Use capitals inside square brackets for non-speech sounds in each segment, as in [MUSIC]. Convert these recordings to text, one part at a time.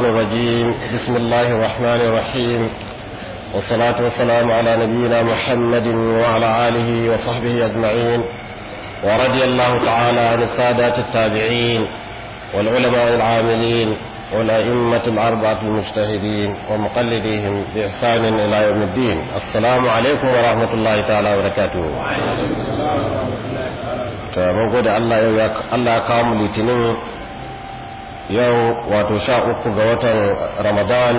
الشيطان الرجيم بسم الله الرحمن الرحيم والصلاة والسلام على نبينا محمد وعلى آله وصحبه أجمعين ورضي الله تعالى عن السادات التابعين والعلماء العاملين والأئمة الأربعة المجتهدين ومقلديهم بإحسان إلى يوم الدين السلام عليكم ورحمة الله تعالى وبركاته وعليكم السلام ورحمة الله تعالى وبركاته الله يا كامل yau wato sha uku ga watan ramadan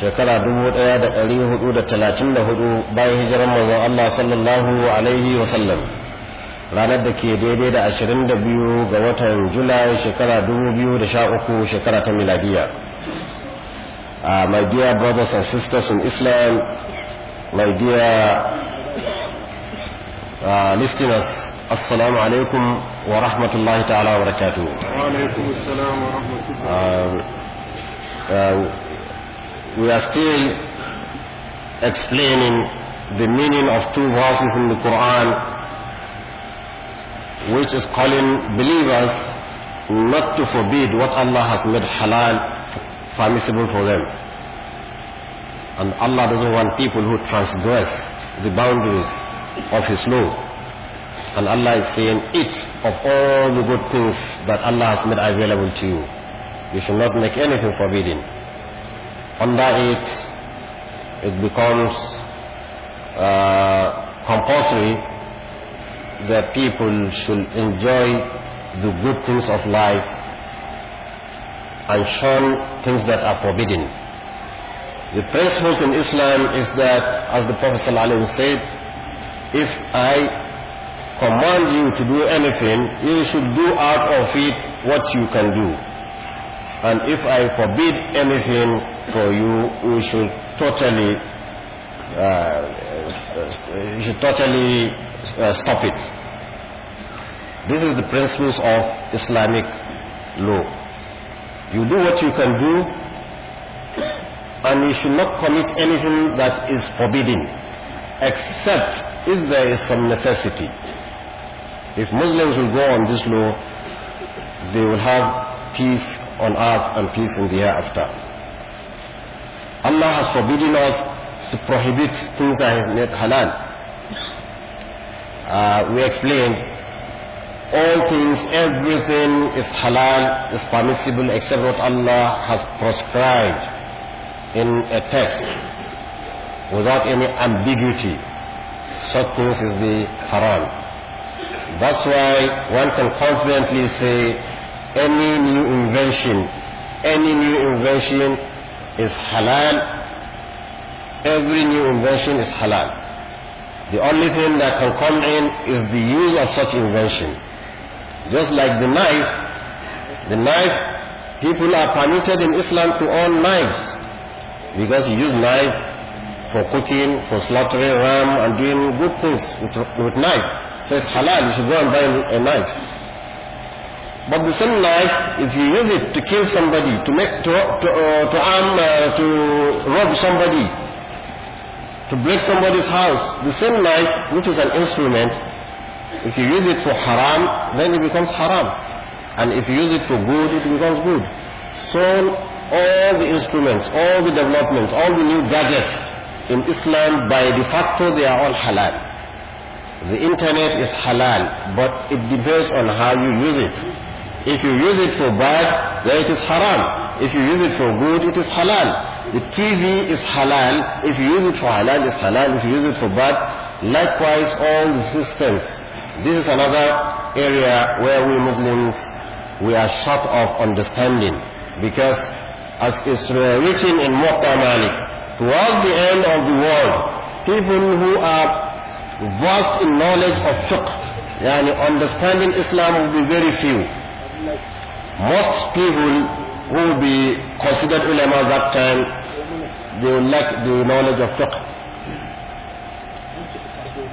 shekara dubu daya da dari hudu da talatin da hudu bayan hijirar manzon allah sallallahu alaihi wasallam ranar da ke daidai da ashirin da biyu ga watan julai shekara dubu biyu da sha uku shekara ta miladiya uh, my dear brothers and sisters in islam my dear uh, listeners السلام عليكم ورحمة الله تعالى وبركاته وعليكم السلام ورحمة الله uh, We are still explaining the meaning of two verses in the Quran which is calling believers not to forbid what Allah has made halal permissible for them. And Allah doesn't want people who transgress the boundaries of His law. And Allah is saying, eat of all the good things that Allah has made available to you. You should not make anything forbidden. Under it, it becomes uh, compulsory that people should enjoy the good things of life and shun things that are forbidden. The principle in Islam is that, as the Prophet ﷺ said, if I Command you to do anything, you should do out of it what you can do. And if I forbid anything for you, you should totally, uh, you should totally uh, stop it. This is the principles of Islamic law. You do what you can do, and you should not commit anything that is forbidden, except if there is some necessity. If Muslims will go on this law, they will have peace on earth and peace in the hereafter. Allah has forbidden us to prohibit things that is not halal. Uh, we explained all things, everything is halal, is permissible except what Allah has prescribed in a text without any ambiguity. Such things is the haram. That's why one can confidently say any new invention, any new invention is halal. Every new invention is halal. The only thing that can come in is the use of such invention. Just like the knife, the knife, people are permitted in Islam to own knives because you use knife for cooking, for slaughtering ram and doing good things with, with knife. So it's halal, you should go and buy a knife. But the same knife, if you use it to kill somebody, to make, to, to, uh, to arm, uh, to rob somebody, to break somebody's house, the same knife, which is an instrument, if you use it for haram, then it becomes haram. And if you use it for good, it becomes good. So all the instruments, all the developments, all the new gadgets in Islam, by de facto, they are all halal. The internet is halal, but it depends on how you use it. If you use it for bad, then it is haram. If you use it for good, it is halal. The TV is halal. If you use it for halal, it's halal. If you use it for bad, likewise all the systems. This is another area where we Muslims, we are short of understanding. Because as is written in Muqta Malik, towards the end of the world, people who are vast in knowledge of fiqh, yani understanding Islam will be very few. Most people who will be considered ulama at that time, they will lack the knowledge of fiqh.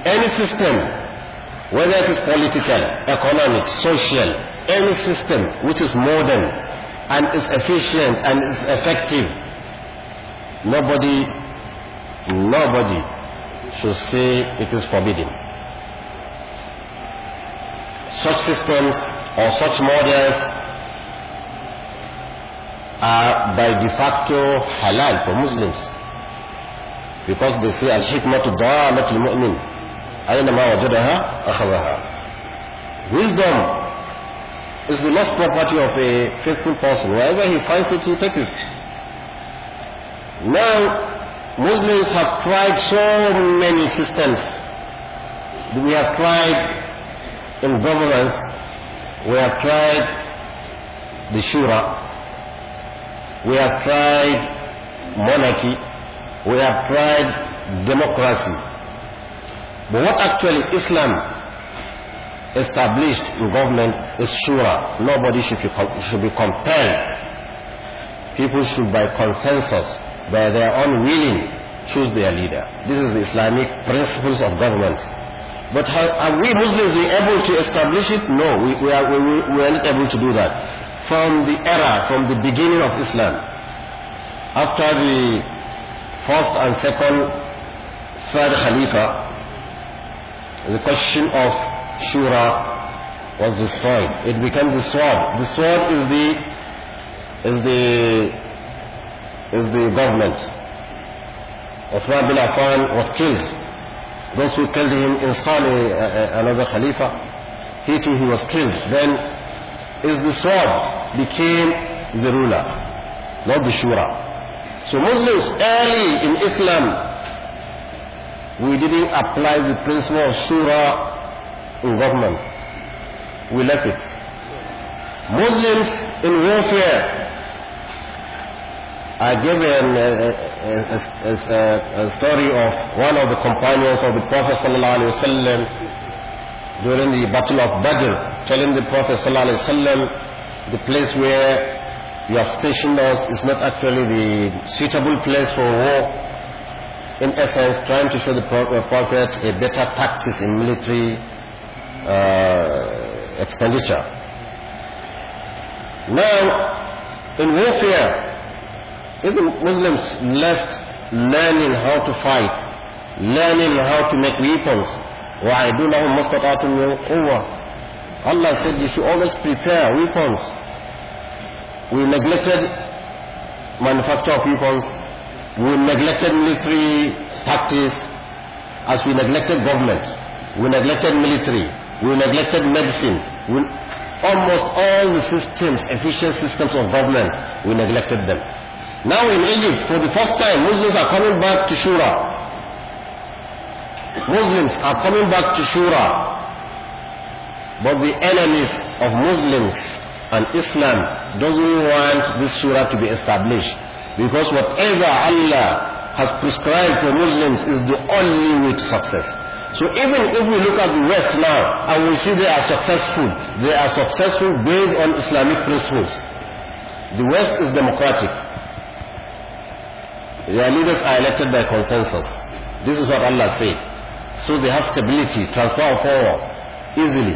Any system, whether it is political, economic, social, any system which is modern and is efficient and is effective, nobody, nobody should say it is forbidden. Such systems or such models are by de facto halal for Muslims because they say al-hikmatu dalatul mu'min aynama wajadaha akhadaha wisdom is the lost property of a faithful person wherever he finds it he takes it now Muslims have tried so many systems. We have tried in governance, we have tried the shura, we have tried monarchy, we have tried democracy. But what actually Islam established in government is shura. Nobody should be, should be compelled. People should by consensus by their own willing, choose their leader. This is the Islamic principles of governance. But how, are we Muslims able to establish it? No, we, we, are, we, we are not able to do that. From the era, from the beginning of Islam, after the first and second, third Khalifa, the question of Shura was destroyed. It became the sword. The sword is the is the is the government. Uthman bin Affan was killed. Those who killed him in Salih, uh, uh, another Khalifa, he too he was killed. Then is the sword became the ruler, not the shura. So Muslims early in Islam, we didn't apply the principle of shura in government. We left it. Muslims in warfare, I give a, a, a, a, story of one of the companions of the Prophet ﷺ during the Battle of Badr, telling the Prophet ﷺ the place where you have stationed us is not actually the suitable place for war. In essence, trying to show the uh, Prophet a better tactics in military uh, expenditure. Now, in warfare, Even Muslims left learning how to fight, learning how to make weapons. وَعَيْدُونَهُمْ مَسْتَطَعْتُمْ مِنْ قُوَّةٍ Allah said you should always prepare weapons. We neglected manufacture of weapons. We neglected military tactics as we neglected government. We neglected military. We neglected medicine. We, almost all the systems, efficient systems of government, we neglected them. Now in Egypt, for the first time, Muslims are coming back to Shura. Muslims are coming back to Shura. But the enemies of Muslims and Islam doesn't want this Shura to be established. Because whatever Allah has prescribed for Muslims is the only way to success. So even if we look at the West now and we see they are successful, they are successful based on Islamic principles. The West is democratic. Their leaders are elected by consensus. This is what Allah said. So they have stability, transfer of power easily.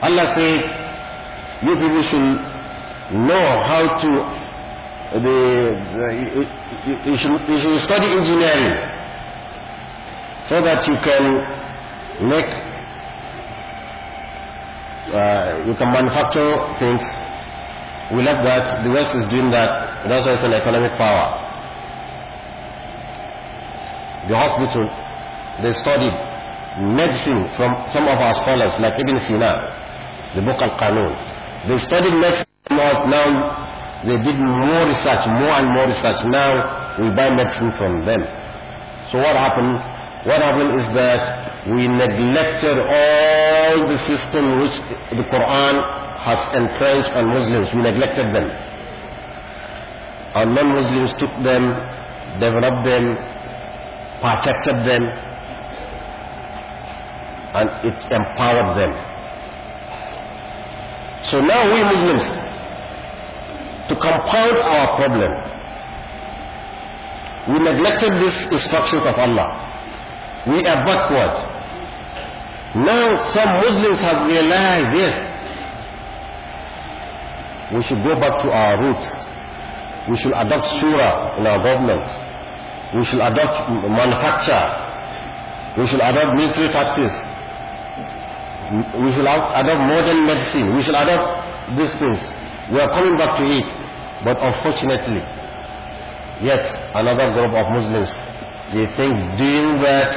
Allah said, you people should know how to, the, the you, should, you should study engineering so that you can make, uh, you can manufacture things. We love that. The West is doing that. That's why it's an economic power the hospital, they studied medicine from some of our scholars like Ibn Sina, the book Al-Qanun. They studied medicine from us, now they did more research, more and more research. Now we buy medicine from them. So what happened? What happened is that we neglected all the system which the Quran has entrenched on Muslims. We neglected them. Our non-Muslims took them, developed them, protected them and it empowered them. So now we Muslims, to compound our problem, we neglected these instructions of Allah. We are backward. Now some Muslims have realized, yes, we should go back to our roots. We should adopt surah in our government. We should adopt manufacture. We should adopt military practice. We should adopt modern medicine. We should adopt these things. We are coming back to it. But unfortunately, yet another group of Muslims, they think doing that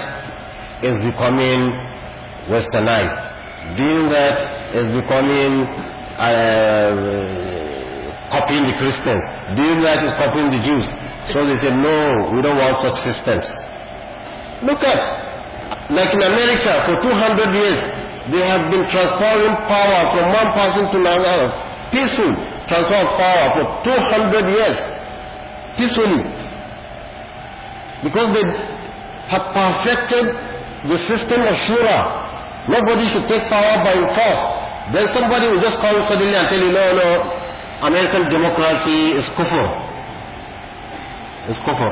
is becoming westernized. Doing that is becoming uh, copying the Christians. Doing that is copying the Jews. So they say, no, we don't want such systems. Look at, like in America, for 200 years, they have been transferring power from one person to another, peaceful transfer of power for 200 years, peacefully. Because they have perfected the system of shura. Nobody should take power by force. Then somebody will just call suddenly and tell you, no, no, American democracy is kufr. is kufr.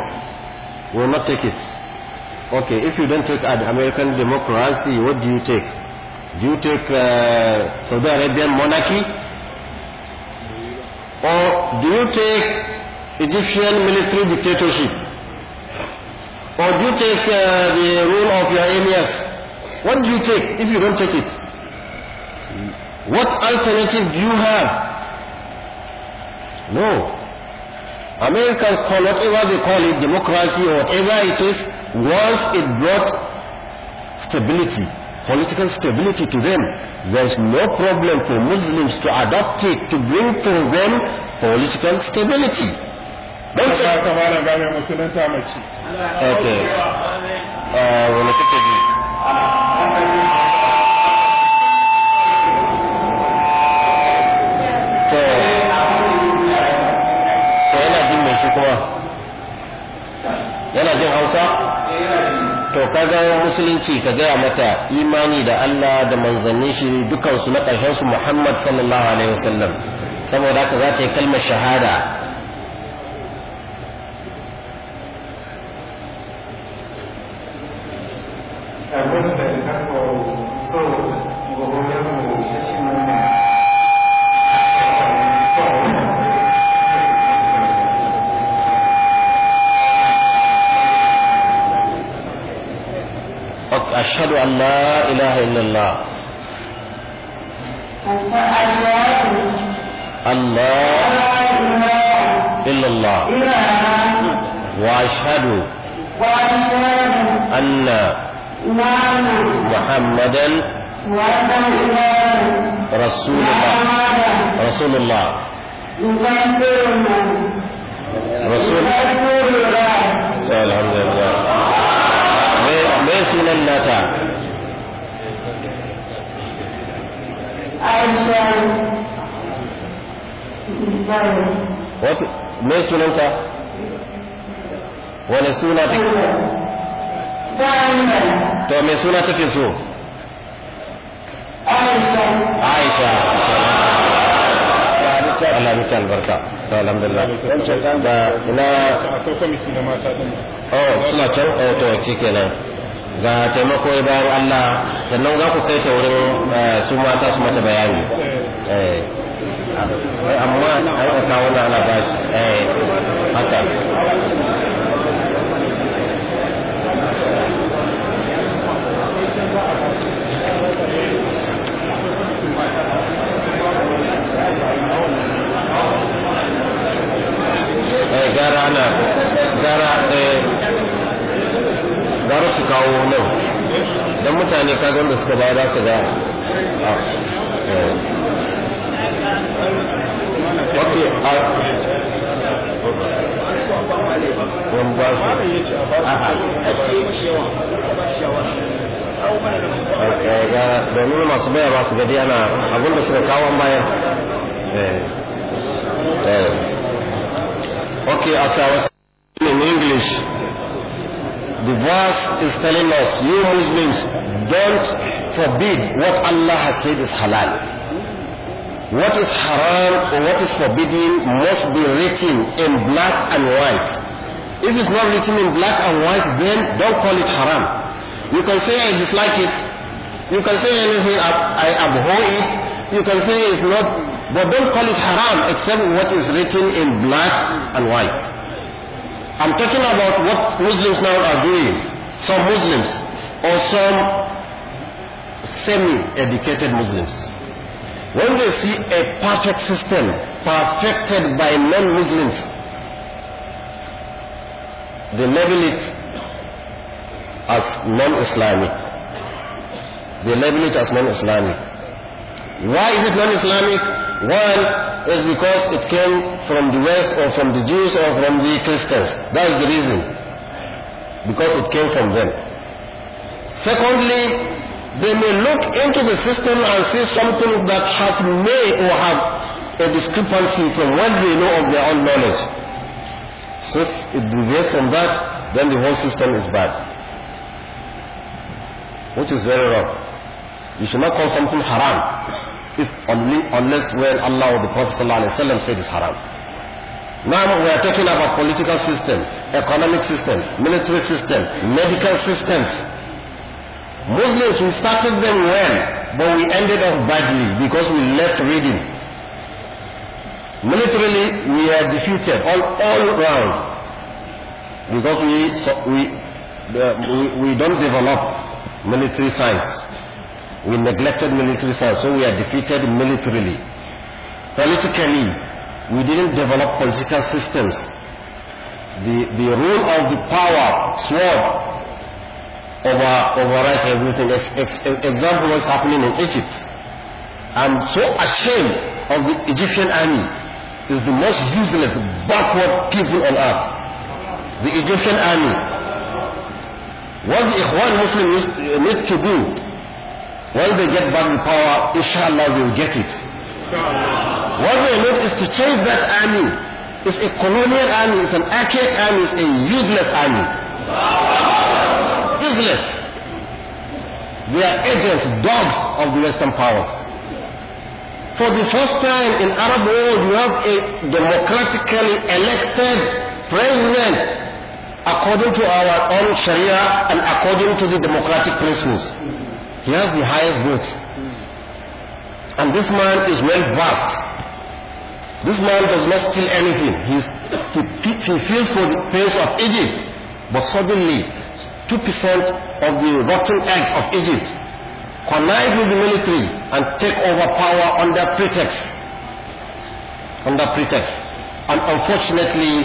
Will not take it. Okay, if you don't take an American democracy, what do you take? Do you take uh, Saudi Arabian monarchy? Or do you take Egyptian military dictatorship? Or do you take uh, the rule of your emirs? What do you take if you don't take it? What alternative do you have? No. Americans call whatever they call it democracy or whatever it is, once it brought stability, political stability to them, there no problem for Muslims to adopt it to bring to them political stability. Okay. Uh, kuma yana jin hausa to kaga musulunci ka gaya mata imani da Allah da manzannin shi dukansu na ƙarshen Muhammad sallallahu alaihi wasallam saboda haka za ta yi kalmar shahada وأشهد أن محمدا رسول الله رسول الله رسول الحمد لله ما sunan nata Aisha What? Me sunanta? wani suna ta to mai suna take so aisha Allah miki albarka to alhamdulillah da ina akwai kwamiti na mata din oh suna can oh to shikenan ga taimako ya bayan Allah sannan za ku kai ta wurin eh, su mata su mata bayani eh. amma an ka kawo na ana bashi eh. haka eh gara ana gara eh gara su kawo nan don mutane kagan da suka bayar su ga ah, eh. ok a wani ba su baya ba su suka kawo bayan Eh. Eh. Okay, as I was in English, the verse is telling us, you Muslims, don't forbid what Allah has said is halal. What is haram or what is forbidden must be written in black and white. If it's not written in black and white, then don't call it haram. You can say I dislike it. You can say anything I abhor it. You can say it's not But don't call it haram except what is written in black and white. I'm talking about what Muslims now are doing. Some Muslims or some semi-educated Muslims. When they see a perfect system perfected by non-Muslims, they label it as non-Islamic. They label it as non-Islamic. Why is it non-Islamic? One is because it came from the West or from the Jews or from the Christians. That is the reason. Because it came from them. Secondly, they may look into the system and see something that has may or have a discrepancy from what they know of their own knowledge. So if it deviates from that, then the whole system is bad. Which is very wrong. You should not call something haram if only unless when Allah or the Prophet ﷺ said it's haram. Now we are talking about political system, economic system, military system, medical systems. Muslims, we started them well, but we ended up badly because we left reading. Militarily, we are defeated all, all round because we, so we, uh, we, we don't develop military science. We neglected military science, so we are defeated militarily. Politically, we didn't develop political systems. The, the rule of the power, sword, over, overrides everything. as example was happening in Egypt. I'm so ashamed of the Egyptian army. is the most useless, backward people on earth. The Egyptian army. What the Ikhwan Muslims need to do When they get back in power, inshallah they will get it. What they need is to change that army. It's a colonial army, it's an archaic army, it's a useless army. Useless. They are agents, dogs of the Western powers. For the first time in Arab world, you have a democratically elected president according to our own Sharia and according to the democratic principles. He has the highest goods. And this man is well versed. This man does not steal anything. he, he feels for the face of Egypt. But suddenly, 2% of the rotten eggs of Egypt connive with the military and take over power under pretext. Under pretext. And unfortunately,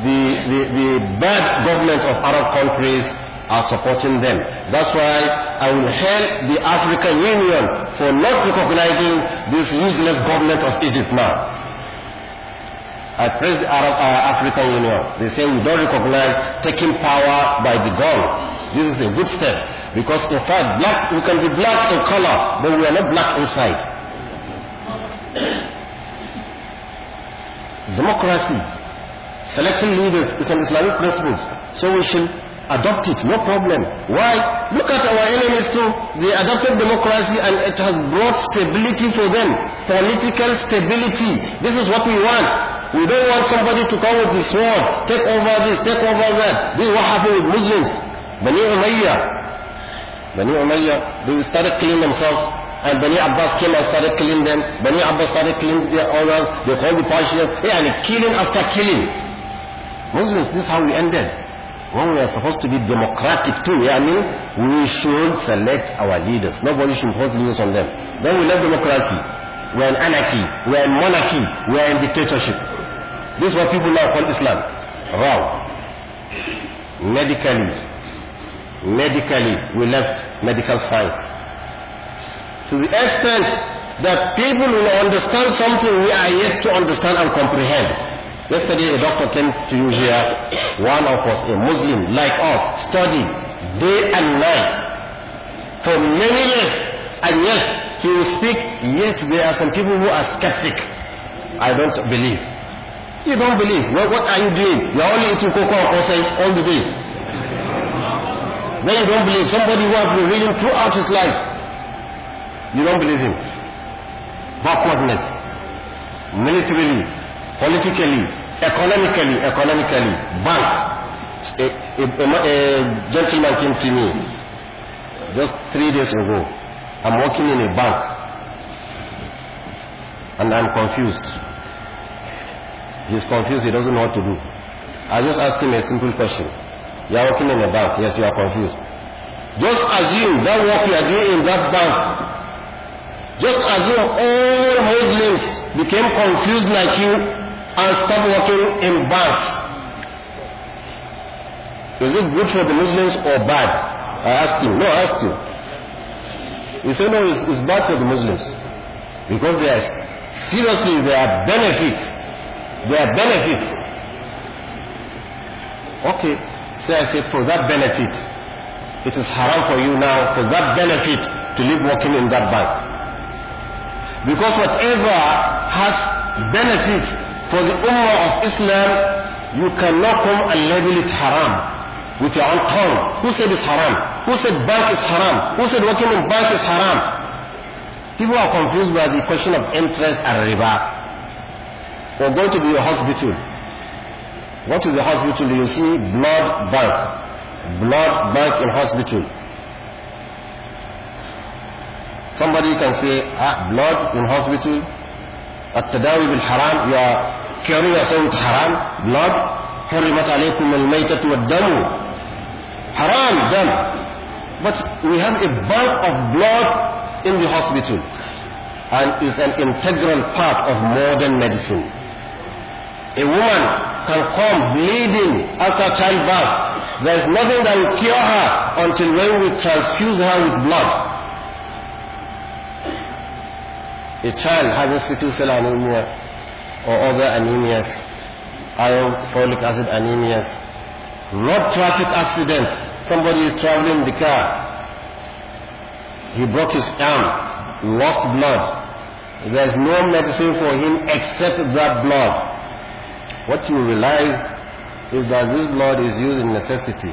the, the, the bad governments of Arab countries are supporting them. That's why I will hail the African Union for not recognizing this useless government of Egypt now. I praise the Arab, uh, African Union. They say we don't recognize taking power by the gun. This is a good step because in fact black, we can be black in color, but we are not black inside. [COUGHS] Democracy, selecting leaders is an Islamic principle. So we should adopt it, no problem. Why? Look at our enemies too. They adopted democracy and it has brought stability for them. Political stability. This is what we want. We don't want somebody to come with the sword, take over this, take over that. This is what happened with Muslims. Bani Umayyah. Bani Umayyah, they started killing themselves. And Bani Abbas came and started killing them. Bani Abbas started killing their owners. They called the Persians. Yeah, and killing after killing. Muslims, this is how we ended. when we are supposed to be democratic too, I mean, we should select our leaders. Nobody should force leaders on them. Then we left democracy. We are in anarchy. We are in monarchy. We are in dictatorship. This is what people now call Islam. Wow. Medically, medically, we left medical science. To the extent that people will understand something we are yet to understand and comprehend. Yesterday, a doctor came to you here. One of us, a Muslim like us, studied day and night for many years, and yet he will speak. Yet there are some people who are skeptic. I don't believe. You don't believe. Well, what are you doing? you are only eating cocoa or kosai all the day. Then you don't believe. Somebody who has been reading throughout his life, you don't believe him. Backwardness, militarily, politically, economically economically bank a, a, a gentleman came to me just three days ago i'm working in a bank and i'm confused he's confused he doesn't know what to do i just ask him a simple question you are working in a bank yes you are confused just assume that work you are doing in that bank just assume all muslims became confused like you and stop working in banks. Is it good for the Muslims or bad? I asked him. No, I asked him. He said, no, it's, it's bad for the Muslims. Because they are, seriously, there are benefits. There are benefits. Okay. So I said, for that benefit, it is haram for you now, for that benefit, to live working in that bank. Because whatever has benefits For the Ummah of Islam, you cannot come and label it haram with your own tongue. Who said it's haram? Who said bank is haram? Who said working in bank is haram? People are confused by the question of interest and riba. You're going to be a hospital. go to the hospital? You see blood bank. Blood bank in hospital. Somebody can say, ah, blood in hospital, at-tadawi bil-haram, you are carry a scent haram, blood, حرمت عليكم الميتة والدم haram, dam. But we have a bulk of blood in the hospital and is an integral part of modern medicine. A woman can come bleeding after childbirth. There is nothing that will cure her until when we transfuse her with blood. A child having sickle cell anemia or other anemias, iron, folic acid anemias. Not traffic accident. Somebody is traveling the car. He broke his arm, lost blood. There is no medicine for him except that blood. What you realize is that this blood is used in necessity.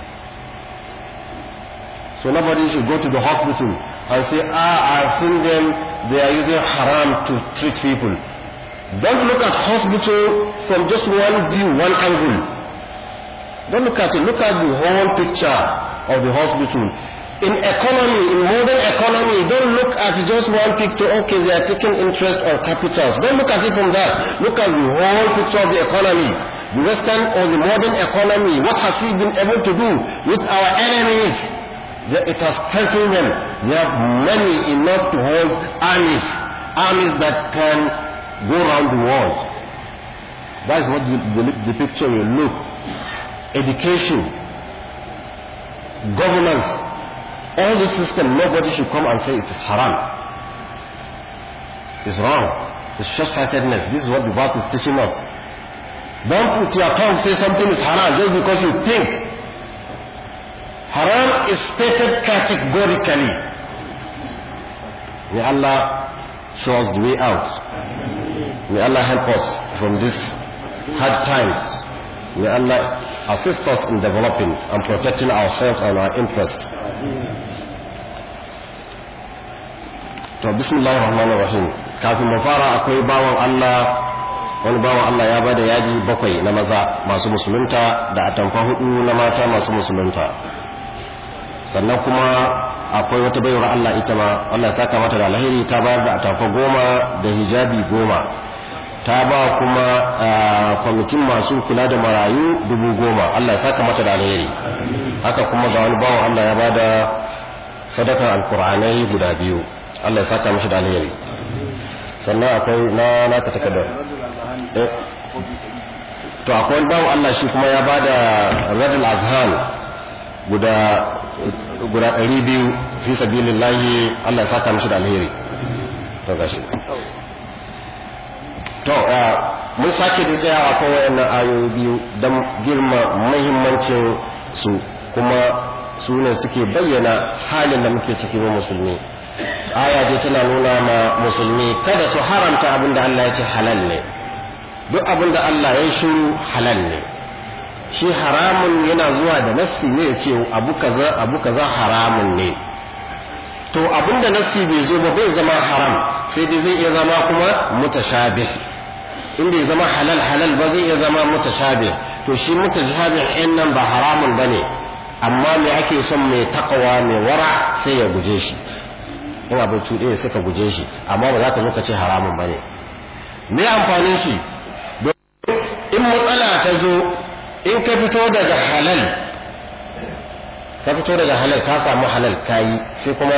So nobody should go to the hospital and say, ah, I've seen them, they are using haram to treat people. Don't look at hospital from just one view, one angle. Don't look at it. Look at the whole picture of the hospital. In economy, in modern economy, don't look at just one picture. Okay, they are taking interest on capitals. Don't look at it from that. Look at the whole picture of the economy. The Western or the modern economy, what has he been able to do with our enemies? It has strengthened them. They have many enough to hold armies. Armies that can go around the world. that is what the, the, the picture will look. Education, governance, all the system, nobody should come and say it is haram. It's wrong. It's short-sightedness. This is what the verse is teaching us. Don't put your tongue say something is haram just because you think. Haram is stated categorically. May Allah show us the way out. May Allah help us from these hard times. May Allah assist us in developing and protecting ourselves and our interests. To bismillahir rahmanir rahim. Kafin mu fara akwai bawan Allah wani bawan Allah ya bada yaji bakwai na maza masu musulunta da atamfa hudu na mata masu musulunta. Sannan kuma akwai wata baiwar Allah ita ma Allah ya saka mata da alheri ta bayar da atamfa goma da hijabi goma. ta ba kuma kwamitin masu kula da marayu dubu goma Allah ya saka mata da alheri haka kuma ga wani bawan Allah ya ba da sadakan alkur'anai guda biyu Allah ya saka mashi da alheri sannan akwai na naka takada eh, to akwai wani bawan Allah shi kuma ya da radul azhan guda guda ɗari biyu fi sabilillahi Allah ya saka mashi da alheri to gashi to uh, mun sake da tsayawa kan wayannan ayoyi biyu don girma mahimmancin su kuma sunan suke bayyana halin da muke ciki wa musulmi aya dai tana nuna ma musulmi kada su haramta abin da Allah ya ce halal ne duk abin da Allah ya shiru halal ne shi haramun yana zuwa da nassi ne ya ce abu kaza abu kaza haramun ne to abin da nassi bai zo ba bai zama haram sai dai zai iya zama kuma mutashabih in bai zama halal halal ba zai iya zama mutashabih to shi mutashabih in nan ba haramun bane amma me ake son mai takawa mai wara sai ya guje shi ina bai cuɗe sai ka guje shi amma ba za ka zo ce haramun bane me amfanin shi in matsala ta zo in ka fito daga halal ka fito daga halal ka samu halal yi. sai kuma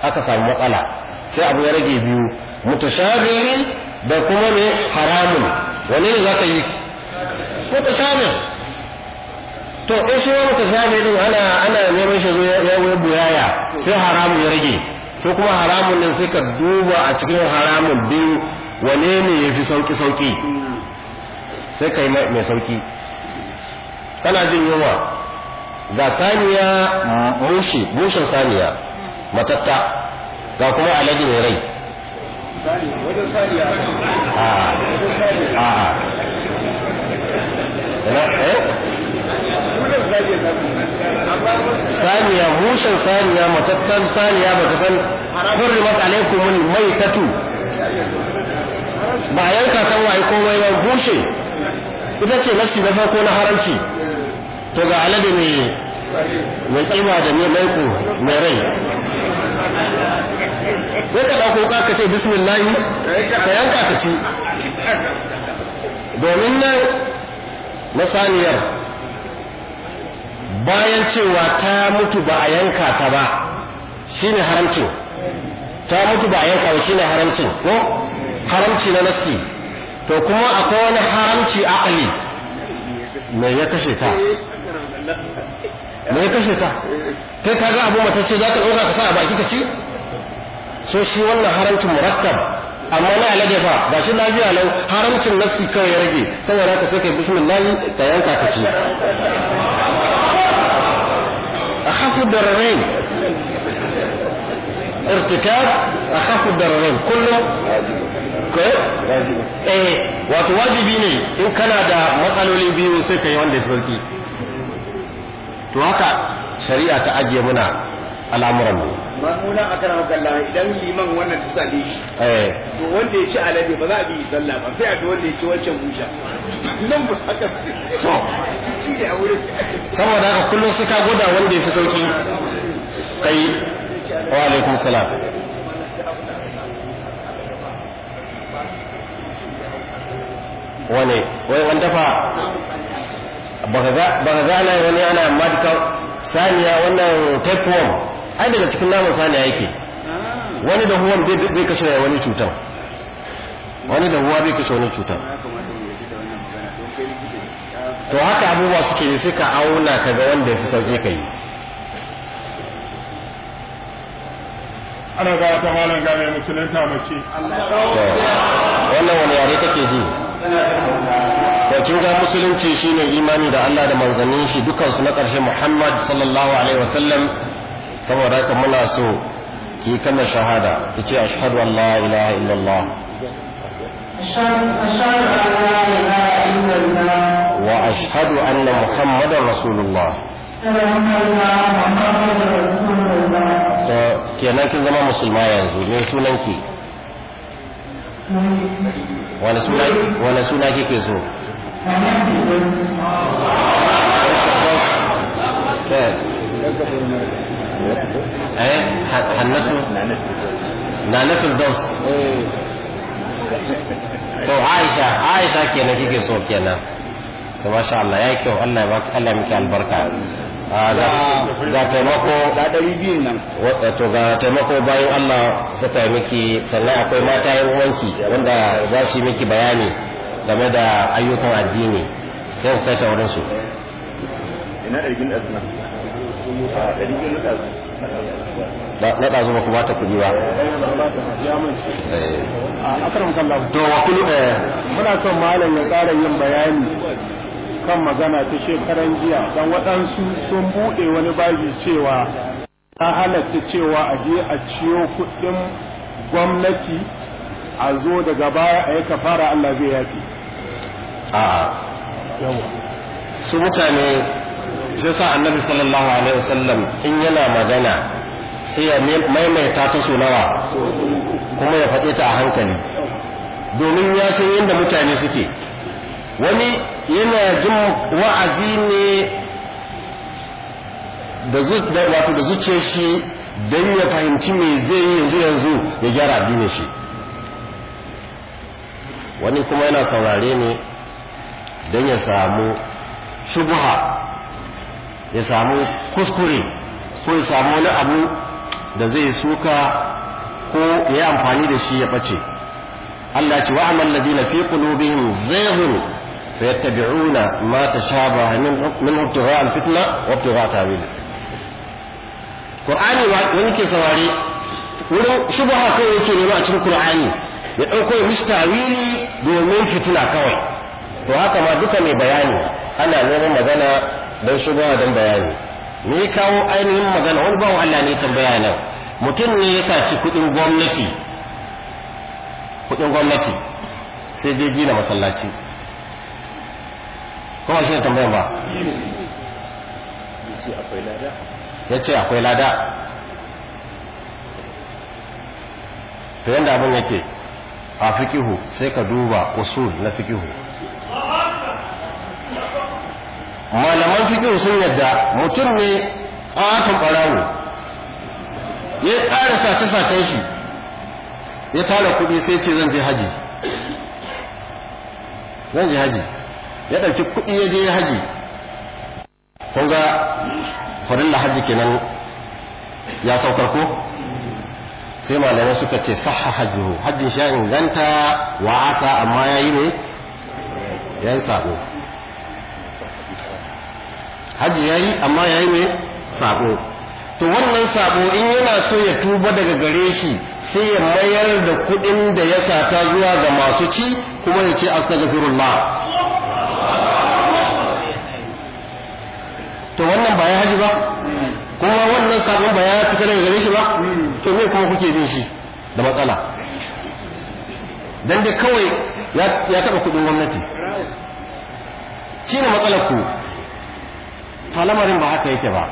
aka samu matsala sai abu ya rage biyu mutashabihi da kuma ne haramun wani ne za ka yi samun to in shi wani samun din ana ana neman shi ya wuya buyaya sai haramun ya rage sai kuma haramun ne sai ka duba a cikin haramun biyu wane ne ya fi sauki sauki sai ka yi mai sauki kana jin yunwa ga saniya mushe bushin saniya matatta ga kuma alade mai rai saniya mushin saniya matattan saniya ba ta san mun mai maitatu ba yanka kan wai mai ba bushe ita ce nasi na farko na haramci to ga alade mai mai da mai laiku mai rai sai ka ɗauko ka ce bismillahi ka yanka ka ci domin nan masaniyar bayan cewa ta mutu ba a yanka ta ba shine haramcin ta mutu ba a yanka ba shine haramcin ko haramci na nasi to kuma akwai wani haramci akali mai ya kashe ta me ya kashe ta kai ka ga abu matacce za ka ɗauka ka sa a baki ka ci so shi wannan haramcin murakkab amma na alade ba ba shi lafiya lau haramcin nassi kawai ya rage saboda ka sai kai bismillahi ka yanka ka ci أخف الضررين ارتكاب أخف الضررين كله eh wato wajibi ne in kana da matsaloli biyu sai ka yi wanda ya sauki to haka shari'a ta ajiye muna al'amuran mu ma'amuna a idan liman wannan ta shi eh. to wanda ya ci alade ba za a bi sallah ba sai a wanda ya ci wancan nan ba haka to shi ne a wurin saboda haka kullum suka ka gwada wanda ya fi sauki kai wa alaikum salam wane wai dafa baka gana wani ana madka saniya wannan tapeworm ai daga cikin namun saniya yake ah. wani da huwan bai kashe wani cutar wani da huwa bai kashe wani cutar to haka abubuwa suke ne sai ka auna ka ga wanda ya fi sauke ka yi ana ga wata malam gane musulunta mace wannan wani yare take ji da kin ga musulunci shine imani da Allah da manzannin shi dukan su na ƙarshe Muhammad sallallahu alaihi wasallam saboda haka muna so ki kama shahada ki kice ashhadu an la ilaha illallah وأشهد أن محمدا رسول الله kenan kin zama musulma yanzu me sunanki wani suna wani suna kike so eh hannatu nanatul daus to aisha aisha kenan kike so kenan to masha Allah yayi kyau Allah ya baka Allah ya miki albarka ga taimako ga ɗari biyun nan ga taimako bayan Allah suka yi miki sannan akwai mata wanda za su yi miki bayani game da ayyukan addini sai ku kai ta su ina ɗari biyun na ɗazu ba ta kuɗi ba eh. Eh. to wa eh. muna son malam ya ƙara yin bayani kan magana ta shekaran jiya don waɗansu sun buɗe wani babi cewa ta halatta cewa a je a ciyo kuɗin gwamnati a zo daga baya a yi kafara Allah zai yafi a su mutane shi sa annabi sallallahu alaihi wasallam in yana magana sai ya maimaita ta sunawa kuma ya faɗi ta a hankali domin ya san yadda mutane suke wani yana jin wa'azi ne da wato da zuciyar shi don ya fahimci me zai yi yanzu yanzu ya gyara addinin shi wani kuma yana saurare ne don ya samu shubuha ya samu kuskure ko ya samu wani abu da zai suka ko ya amfani da shi ya ɓace Allah ce wa'amal ladina fi zai zaghun فيتبعون ما تشابه منه ابتغاء الفتنة وابتغاء تاويله Qur'ani wani ke saurare wurin shubha kawai yake nema a cikin Qur'ani ya ɗauko ya mishi tawili domin fitina kawai to haka ma duka mai bayani ana neman magana don shubha don bayani me kawo ainihin magana wani bawan Allah ne tambaya nan mutum ne ya saci kuɗin gwamnati sai je gina masallaci kuma shi tambayan ba ya ce akwai lada to yadda abin yake a fikihu sai ka duba wasu na fikihu malaman fikihu sun yadda mutum ne ƙaton ɓarawo ya ƙara sace-sacen shi ya tara kuɗi sai ce zan je haji zan je haji ya ɗauki kuɗi ya je haji kun ga da haji kenan ya saukar ko sai malamai suka ce sahha Hajji. hajjin ya inganta wa asa amma ya yi ne ya yi sabo hajji ya yi amma ya yi ne sabo to wannan sabo in yana so ya tuba daga gare shi sai ya mayar da kuɗin da ya sata zuwa ga masu ci kuma ya ce astagfirullah to wannan ba ya haji ba kuma wannan sabon ba ya fita daga gare shi ba to me kuma kuke bin shi da matsala dan da kawai ya taba kuɗin gwamnati shine matsalar ku lamarin ba haka yake ba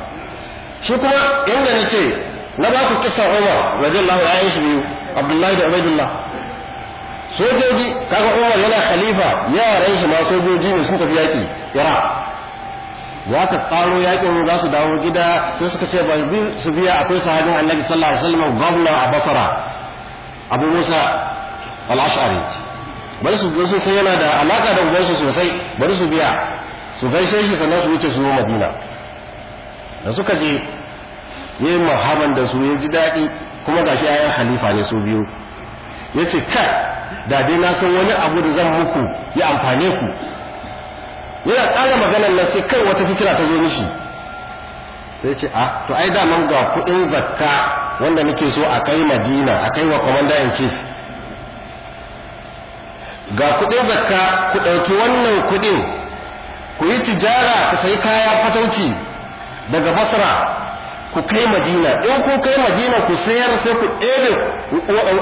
shi kuma inda na ce na ba ku kisan Umar radiyallahu anhu ya yi shi biyu Abdullahi da Ubaydullah sojoji kaga Umar yana khalifa yaran shi ma sojoji ne sun tafi yaki Iraq za ka karo yakin za su dawo gida sai suka ce ba su biya akwai sahabin Annabi sallallahu alaihi wasallam gwamna a Basra Abu Musa al-Ash'ari bari su gaishe sai yana da alaka da ubansu sosai bari su biya su gaishe shi sannan su wuce su Madina da suka je yi marhaban da su ya ji daɗi kuma gashi ayan khalifa ne su biyu yace kai da dai na san wani abu da zan muku ya amfane ku yana ƙara maganar nan sai kai wata fikira ta zo mishi sai ce a ah, to ai daman ga kuɗin zakka wanda nake so a kai madina a kai wa commander in chief ga kuɗin zakka ku ɗauki wannan kuɗin ku yi tijara ku sayi kaya fatauci daga basra ku kai madina in ku kai madina ku sayar sai ku ɗebe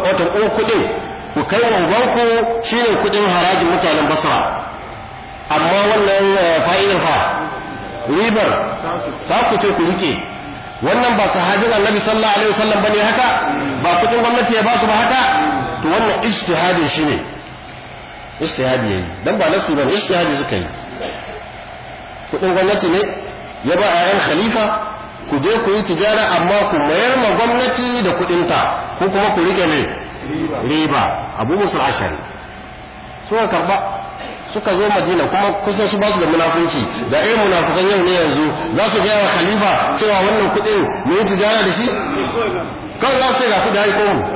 watan kuɗin ku kai wa shine kudin harajin mutanen basra amma wannan eh, fa'idar fa ribar ta ku ce ku rike wannan ba sahabin annabi sallallahu alaihi wasallam bane haka ba kudin gwamnati ya ba su ba haka to wannan ijtihadin shine ijtihadi yayi dan ba nasu ba ijtihadi suka yi kudin gwamnati ne ya ba ayan khalifa ku je ku yi tijara amma ku mayar ma gwamnati da kudinta ko kuma ku rike ne riba abu musu ashari suka karba suka zo madina kuma kusan su basu da munafunci da irin munafukan yau ne yanzu za su gaya wa khalifa cewa wannan kuɗin mu yi tijara da shi kawai za su ga ku da aiko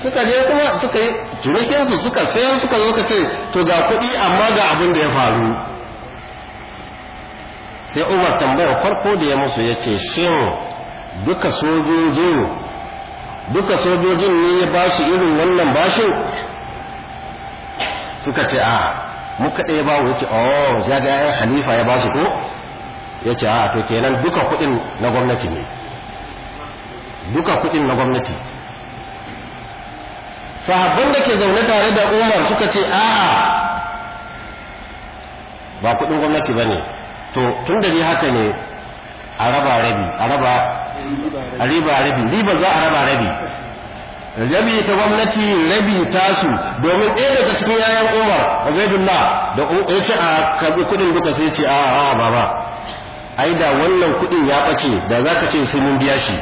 suka je kuma suka yi cinikinsu suka suka zo ka ce to ga kuɗi amma ga abin da ya faru sai umar tambayar farko da ya musu ya ce shin duka sojojin duka sojojin ne ya ba su irin wannan bashin suka ce a mu kaɗai ya bawo ya ce oh ya ga ya halifa ya bashi ko ya ce a to kenan duka kuɗin na gwamnati ne duka kuɗin na gwamnati sahabban da ke zaune tare da umar suka ce a'a ba kuɗin gwamnati ba ne to tun da ni haka ne a raba rabi a raba a riba rabi riba za a raba rabi rabi ta gwamnati rabi tasu domin ɗaya daga cikin yayan umar ubaidullah da ya ce a karɓi kuɗin duka sai ce a a baba ai da wannan kuɗin ya ɓace da za ka ce sai mun biya shi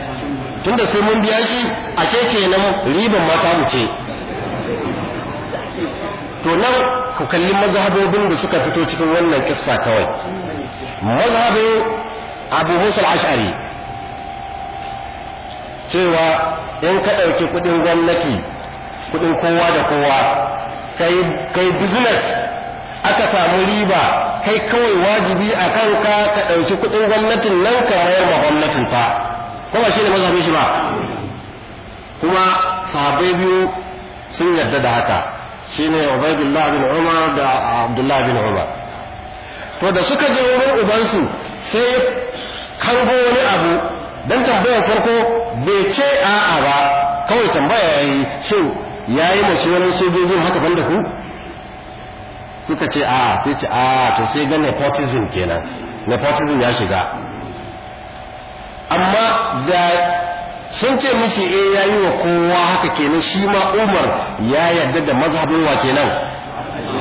tunda sai mun biya shi ashe kenan riban mata mu ce to nan ku kalli mazhabobin da suka fito cikin wannan kissa kawai mazhabin abu musul ash'ari cewa in ka ɗauki kuɗin gwamnati kuɗin kowa da kowa kai business aka samu riba kai kawai wajibi a kanka ka ɗauki kuɗin gwamnatin nan ka mayar ma gwamnatin fa ko ba shi ne mazafi shi ba kuma sahabbai biyu sun yarda da haka shine Ubaydullah bin Umar da Abdullah bin Umar to da suka je wurin ubansu sai kango wani abu dan tambayar farko bai ce a'a ba kawai tambaya yayi shin yayi mashi wani sojojin haka banda ku suka ce a sai ce a to sai ga nepotism kenan nepotism ya shiga amma da sun ce mishi eh yayi wa kowa haka kenan shi ma Umar ya yarda da mazhabin wa kenan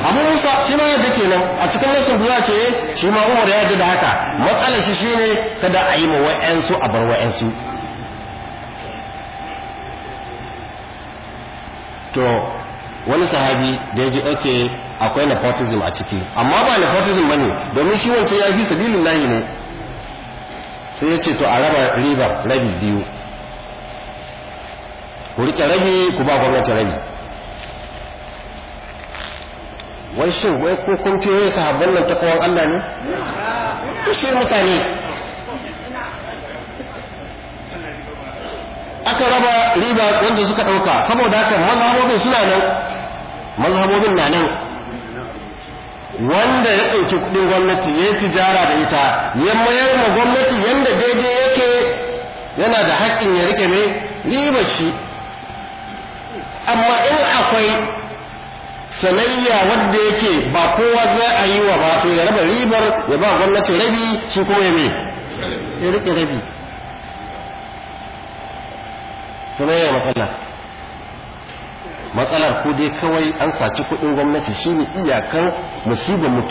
abu musa shi ma yadda nan a cikin nasin guza ce shi ma umar ya yadda da haka matsalar shi shine kada a yi ma wa'ansu a bar wa'ansu to wani sahabi da ya ji akwai nepotism a ciki amma ba nepotism ba ne domin shi wancan ya fi sabilin lahi ne sai ya ce to a raba ribar rabi biyu ku riƙe rabi ku ba gwamnati rabi wai shin wai ko kun fi yin sahabban nan kawon Allah ne to mutane aka raba riba wanda suka ɗauka saboda haka mazhabobin suna nan mazhabobin na nan wanda ya ɗauki kuɗin gwamnati ya yi tijara da ita ya mayar ma gwamnati yadda daidai yake yana da haƙƙin ya rike mai riba shi amma in akwai sanayya wadda yake ba kowa za a yi wa ba to ya raba ribar ya ba gwamnati rabi shi kuma ya me ya rike rabi kuma yana matsala matsalar ko dai kawai an saci kuɗin gwamnati shi ne iyakar musibar mu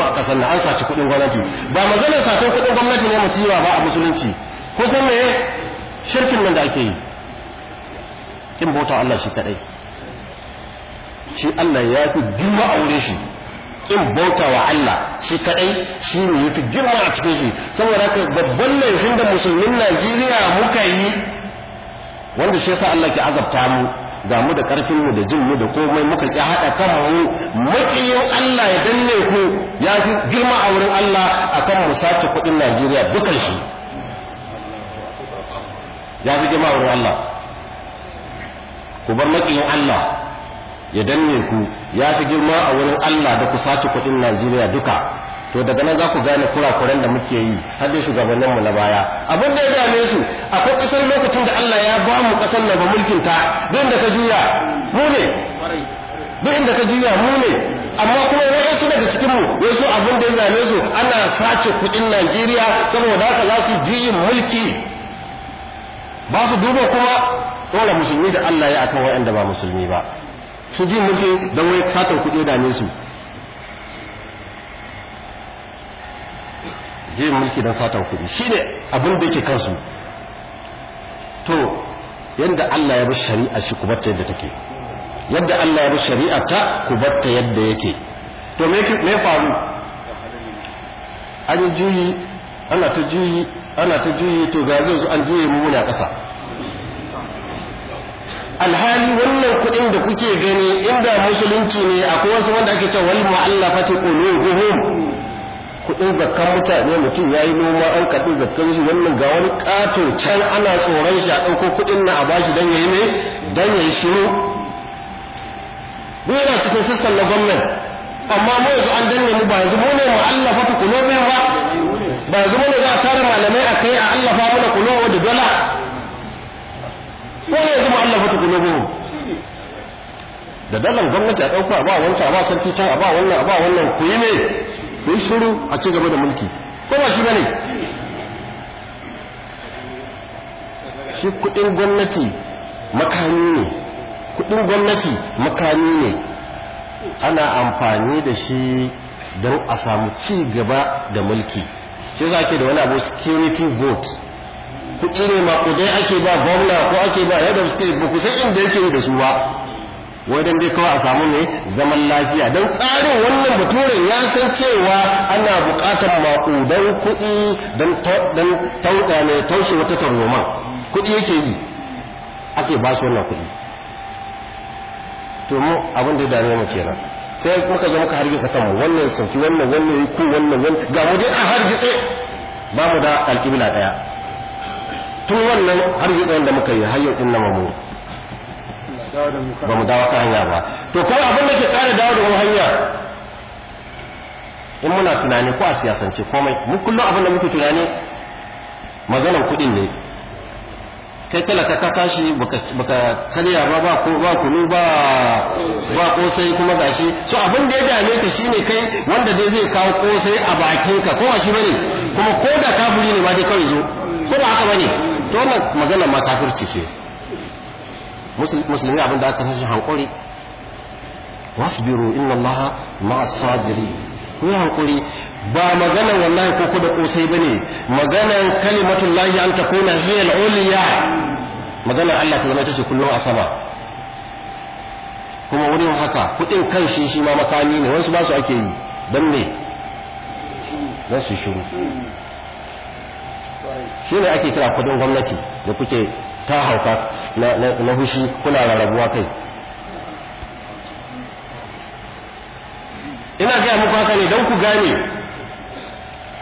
a ƙasar na an saci kuɗin gwamnati ba maganar satar kuɗin gwamnati ne musiba ba a musulunci ko san me shirkin nan da ake yi kin bauta Allah shi kadai shi Allah ya fi girma a wurin shi kin bauta wa Allah shi kadai shi ne yafi girma a cikin shi saboda haka babban laifin da musulmin Najeriya muka yi wanda shi yasa Allah ke azabta mu ga mu da karfin mu da jin mu da komai muka ki hada mu, makiyin Allah ya danne ku ya fi girma a wurin Allah akan mu sace kudin Najeriya dukan shi ya fi girma a wurin Allah ku bar makiyin Allah ya danne ku ya fi girma a wurin Allah da ku sace kuɗin Najeriya duka to daga nan za ku gane kurakuran da muke yi har da shugabannin mu na baya abin da ya dame su akwai kasar lokacin da Allah ya ba mu kasar da ba mulkin ta duk da ka juya mu ne duk da ka juya mu ne amma kuma wayansu daga cikin mu wasu abin da ya dame su ana sace kuɗin Najeriya saboda haka za su juyin mulki ba su duba kuma dole musulmi da Allah ya akan wayanda ba musulmi ba su ji mulki don wai satar kuɗi ne su je mulki don satar kuɗi shi ne abin da yake kansu to yadda Allah ya bi shari'a shi ku batta yadda take yadda Allah ya bi shari'a ta ku batta yadda yake to me faru an yi juyi ana ta juyi ana ta juyi to ga zai zo an juye mummuna muna ƙasa alhali wannan kuɗin da kuke gani inda musulunci ne akwai wasu wanda ake cewa wal mu'allafati qulubuhum kuɗin zakkan mutane mutum yayi noma an kaɗi zakkan shi wannan ga wani ƙato can ana tsoron shi a ɗauko kuɗin na a bashi dan yayi ne dan yayi shiru duk yana cikin sassan na gwamnati amma mu yanzu an danne mu ba yanzu mu ne mu'allafati qulubuhum ba ba yanzu mu ne za a tara malamai a kai ko ya zama Allah fata kulubu da dalan gwamnati a ɗauka ba wancan ba sarki can a ba wannan ba wannan ku yi ne ku yi shiru a ci gaba da mulki ko ba shi ba ne shi kuɗin gwamnati makami ne kuɗin gwamnati makami ne ana amfani da shi don a samu ci gaba da mulki shi za ke da wani abu security vote kuɗi ne maƙudai ake ba gwamna ko ake ba yadda of state ba ku sai inda yake yi da su ba wai dai kawai a samu ne zaman lafiya don tsarin wannan baturen ya san cewa ana buƙatar maƙudan kuɗi don tauɗa mai taushe wata tarzoman kuɗi yake yi ake ba su wannan kuɗi to mu abin da dame mu kenan sai muka zo muka hargitsa kanmu wannan sauki wannan wannan yi ku wannan wannan ga mu dai a hargitse ba mu da alƙibla ɗaya tun wannan har yi tsayin da muka yi har yau na mamu ba mu dawo ta hanya ba to kuma abin da ke kara dawo da mu hanya in muna tunani ko a siyasance komai mu kullum abin da muke tunani maganar kuɗin ne kai talaka ka tashi baka karya ba ba ko ba kunu ba ba kosai kuma gashi so abin da ya dame ka shine kai wanda dai zai kawo kosai a bakin ka ko a shi bane kuma ko da kafuri ne ma dai kawai zo ko ba haka bane to wannan magana ma kafirci ce musulmi abin da aka sashi hankuri wasbiru inna allaha ma'as sabirin ku yi hankuri ba maganan wallahi ko ku da kosai bane maganan kalimatul lahi an takuna hiya al-ulya maganan Allah ta zama ita ce kullum a sama kuma wurin haka kudin kan shi shi ma makami ne wasu ba su ake yi dan me za su shiru shi ne ake kira kudin gwamnati da kuke ta hauka na hushi kuna rarrabuwa kai ina gaya muku haka ne don ku gane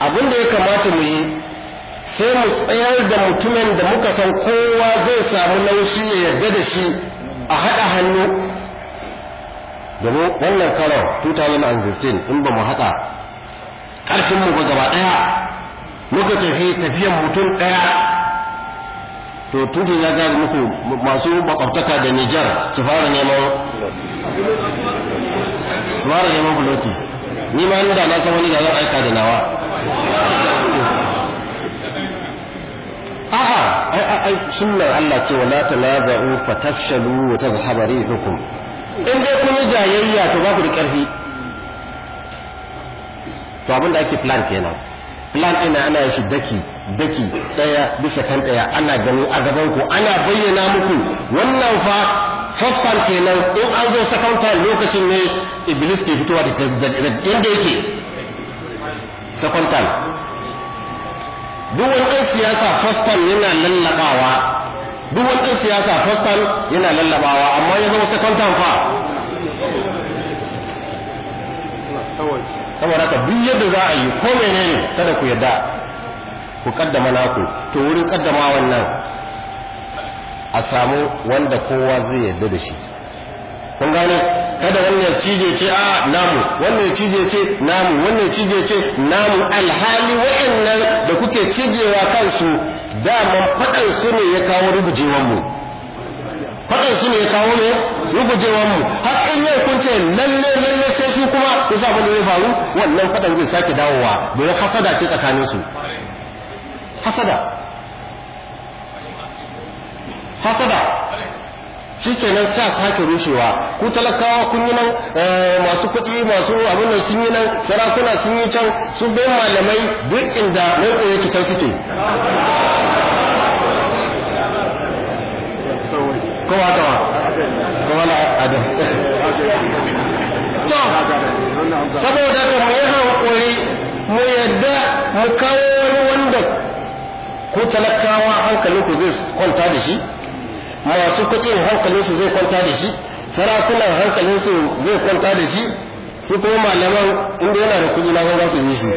abin da ya kamata mu yi sai mu tsayar da mutumin da muka san kowa zai samu laushi ya yarda da shi a haɗa hannu domin wannan karon 2015 in ba mu haɗa ƙarfinmu ba gaba ɗaya muka tafi tafiyan mutum ɗaya to tudu ya ga muku masu makwabtaka da Nijar su fara neman su fara neman buloti ni ma da na san wani da zan aika da nawa a'a ai ai sunnar Allah ce wala tanaza'u fatafshalu wa tadhhabu rihukum in dai kun yi jayayya to ba ku da karfi to abin da ake plan kenan plan ina ana shi daki daki ɗaya bisa kan ɗaya ana gani a gaban ku ana bayyana muku wannan fa first time kenan in an zo second time lokacin ne iblis ke fitowa da inda yake second time duk wani ɗan siyasa first time yana lallabawa duk wani ɗan siyasa first time yana lallabawa amma ya zama second time fa saboda ka duk yadda za a yi ko menene kada ku yadda ku kaddama naku to wurin kaddama wannan a samu wanda kowa zai yadda da shi kun gane kada wannan cije ce a namu wannan cije ce namu wannan cije ce namu alhali wa'annan da kuke cijewa kansu daman faɗan su ne ya kawo rubujewan mu faɗan su ne ya kawo ne rugujewan mu har in yau kun ce lalle lalle sai su kuma ku sa abin da zai faru wannan fadan zai sake dawowa domin hasada ce tsakanin su hasada hasada nan sa sake rushewa ku talakawa kun yi nan eh, masu kuɗi masu abin da sun yi nan sarakuna sun yi can su bai malamai duk inda mai koyo can suke kowa kawa kuma na to saboda ka mu yi hankuri mu yadda mu kawo wani wanda ko talakawa ku zai kwanta da shi masu hankali su zai kwanta da shi sarakunan su zai kwanta da shi su kuma malaman inda yana da kuɗi na ba su yi shi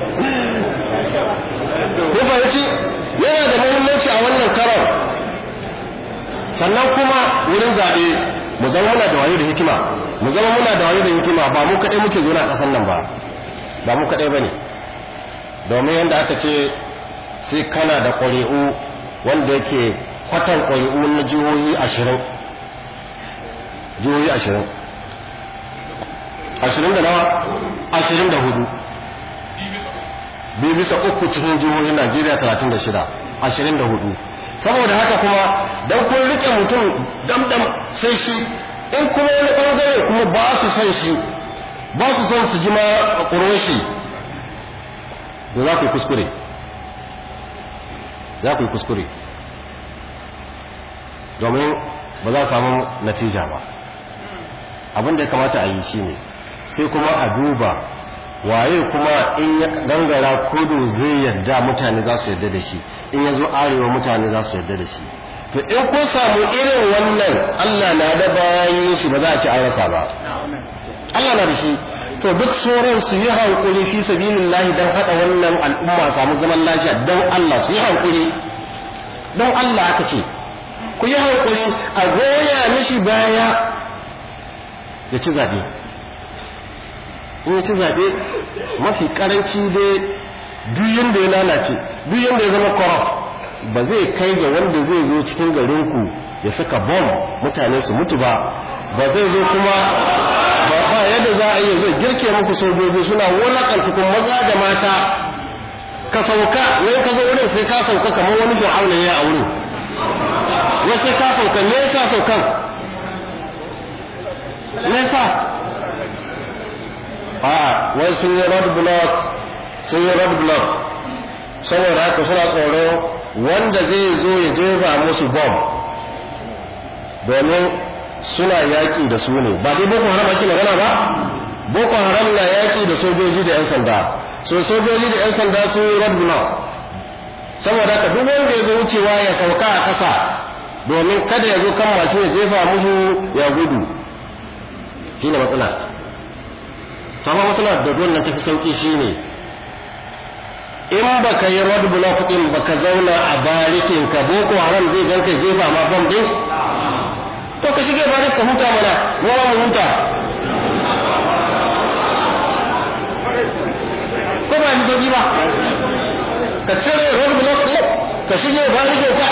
[LAUGHS] zaɓe mu zama muna da wayo da hikima mu zama muna da wayo da hikima ba mu kaɗai muke zo na ƙasar nan ba ba mu kaɗai ba ne domin yadda aka ce sai kana da ƙuri'u wanda yake kwatan ƙuri'u na jihohi ashirin jihohi ashirin ashirin da nawa ashirin da hudu biyu bisa uku cikin jihohin najeriya talatin da shida ashirin da hudu saboda haka kuma don kun rike mutum damdam sai shi in kuma wani bangare kuma ba su son shi ba su son su jima a shi to za ku yi kuskure za ku yi kuskure domin ba za a samu natija ba abin da ya kamata a yi shi ne sai kuma a duba waye kuma in ya gangara kudu zai yarda mutane za su yarda da shi in ya zo arewa mutane za su yarda da shi to in kun samu irin wannan Allah na da bayan shi ba za a ci an rasa ba Allah na da shi to duk sauran su yi hankuri fi lahi don haɗa wannan al'umma samu zaman lafiya don Allah su yi hankuri don Allah aka ce ku yi hankuri a goya mishi baya ya ci zabe ya ci zaɓe mafi ƙaranci dai duk da ya lalace duk da ya zama corrupt ba zai kai ga wanda zai zo cikin garinku ya saka bom mutane su mutu ba ba zai zo kuma ba ba yadda za a yi zai girke muku sojoji suna wulakanta kuma maza da mata ka sauka ne ka zo wurin sai ka sauka kamar wani aure ya aure. Ya ne sai ka sauka ne ya sa saukan ne sa A'a, wai sun yi red block sun yi road block saboda haka suna tsoro wanda zai zo ya jefa musu bomb domin suna yaƙi da su ne ba dai boko haram ake magana ba boko haram na yaƙi da sojoji da 'yan sanda so sojoji da 'yan sanda sun yi red block saboda haka duk wanda ya zo wucewa ya sauka a ƙasa domin kada ya zo kan masu ya jefa musu ya gudu shi ne matsala sama masana da wannan tafi sauki shine in ba ka yi road block din ba ka zauna a barikin ka boko haram zai ganka jefa ma ban din to ka shige barik ka huta mana mu ba mu huta ko ba mu sauki ba ka cire road block din ka shige barikin ka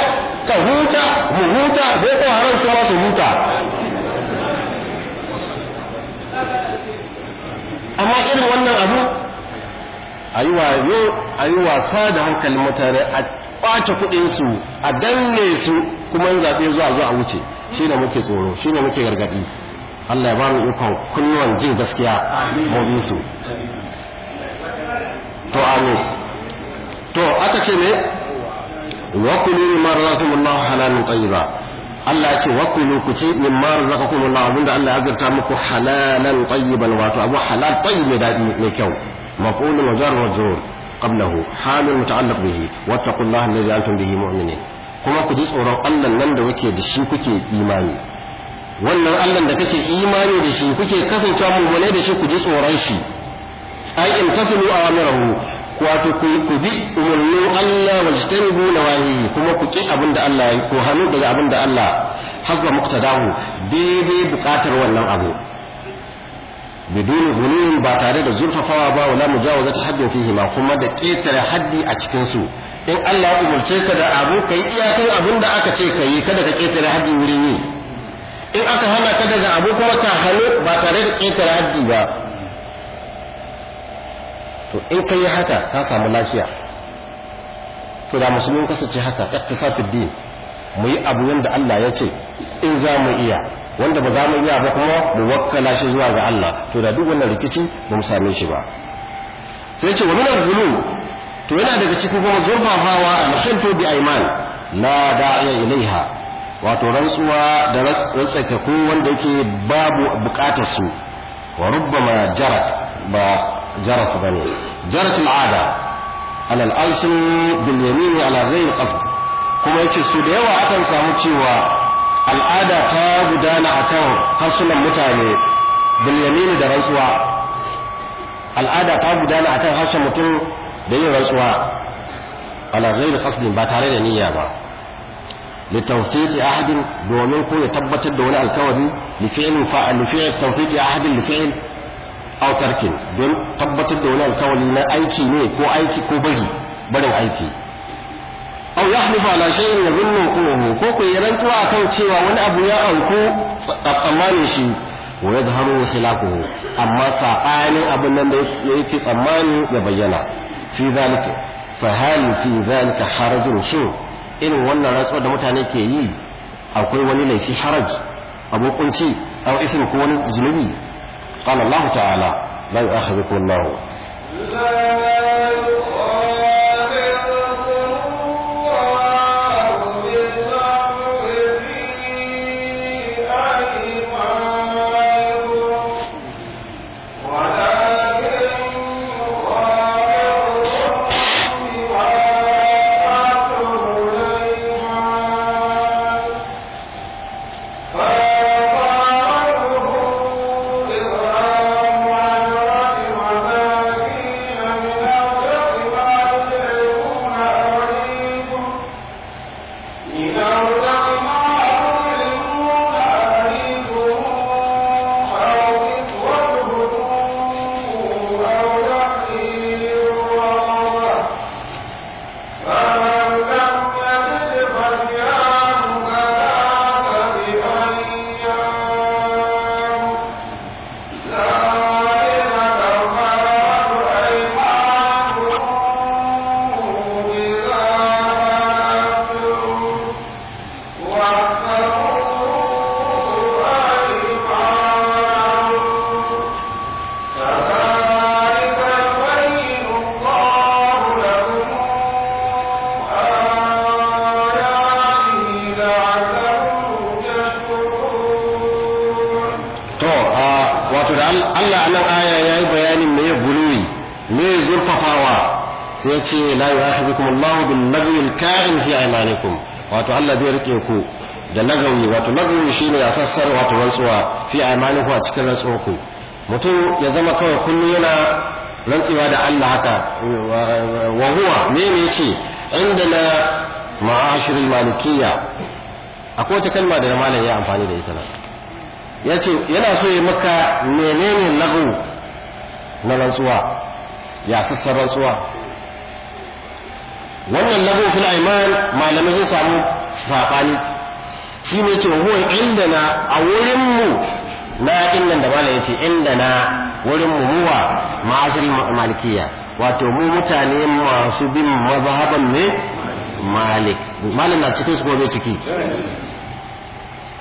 ka huta mu huta boko haram su ma su huta amma irin wannan abu a yi wasa da hankalin mutane a ɓace kuɗinsu a danne su kuma yin zaɓe zuwa zuwa wuce shi ne muke tsoro shi ne muke gargaɗi allah ya ba mu ikon kunnuwan jin gaskiya mu su to amin to aka ce ne wa kullu marratullahi halalun tayyiba Allah ya ce wa kulu ku ci min ma razaqakumullah abinda Allah ya azurta muku halalan tayyiban wato abu halal tayyib mai dadi mai kyau maf'ul majar majrur qablahu halun muta'allaq bihi wattaqullaha alladhi antum bihi mu'minin kuma ku ji tsoron Allah nan da kuke da shi kuke imani wannan Allah da kake imani da shi kuke kasancewa mu'mine da shi ku ji tsoron shi ai in tasilu amirahu wato ku ku bi umarnin Allah wa jitanibu na wahihi kuma ku ki abin da Allah ya ko hannu daga abin da Allah hasba muktadahu daidai bukatar wannan abu biduni hulun ba tare da zurfafawa ba wala mujawazat haddin fihi ma kuma da ketare haddi a cikin su in Allah ya umarce ka da abu kai iyakan abin da aka ce kai kada ka ketare haddi wurin yi in aka hana ka daga abu kuma ka hannu ba tare da ketare haddi ba to in ka yi haka ka samu lafiya to da musulmi kasance haka iktisafid din mu yi abu yanda Allah ya ce in za mu iya wanda ba za mu iya ba kuma mu wakkala shi zuwa ga Allah to da duk wannan rikici ba mu same shi ba sai ce wa min gulu to yana daga cikin kuma zurfafawa a hilfu bi ayman la da'iya ilaiha wato rantsuwa da rantsakaku wanda yake babu bukatar su wa rubbama jarat ba جرت بني جرت العادة على الألسن باليمين على غير قصد كما يتشي السودية وعطن سامتشي العادة تاب دانا أكاو حصل المتاني باليمين درسوا العادة تاب دانا أكاو حصل المتاني درسوا على غير قصد باتارين نيابا لتوثيق أحد دومين كون يتبت الدولة الكوري لفعل فعل لفعل توثيق أحد لفعل Autarkin don tabbatar da wani alkawali na aiki ne ko aiki ko bari barin aiki aw yahlifu ala shay'in yadhunnu qawmuhu ko ku yi rantsuwa kan cewa wani abu ya auku tsammanin shi wa wani khilafuhu amma sabanin abin nan da yake tsammani ya bayyana fi zalika fa hali fi zalika harajin shin irin wannan rantsuwa da mutane ke yi akwai wani laifi haraj abokunci a aw ko wani zunubi قال الله تعالى لا يؤاخذكم الله لا يؤاخذكم wato Allah zai rike ku da nagari wato shi shine a sassar wato rantsuwa fi ku a cikin ku. mutum ya zama kawai kullum yana rantsewa da Allah haka wa huwa ne yace inda na ma'ashir malikiyya akwai wata kalma da malam ya amfani da ita nan yace yana so ya maka menene nagari na rantsuwa ya sassar rantsuwa halafatul aiman malamai sun samu sabani shi ne ce huwa na a wurin mu na nan da ce yace indana wurin mu muwa ma'asir malikiya wato mu mutane masu bin mazhaban ne malik malam na cikin su gobe ciki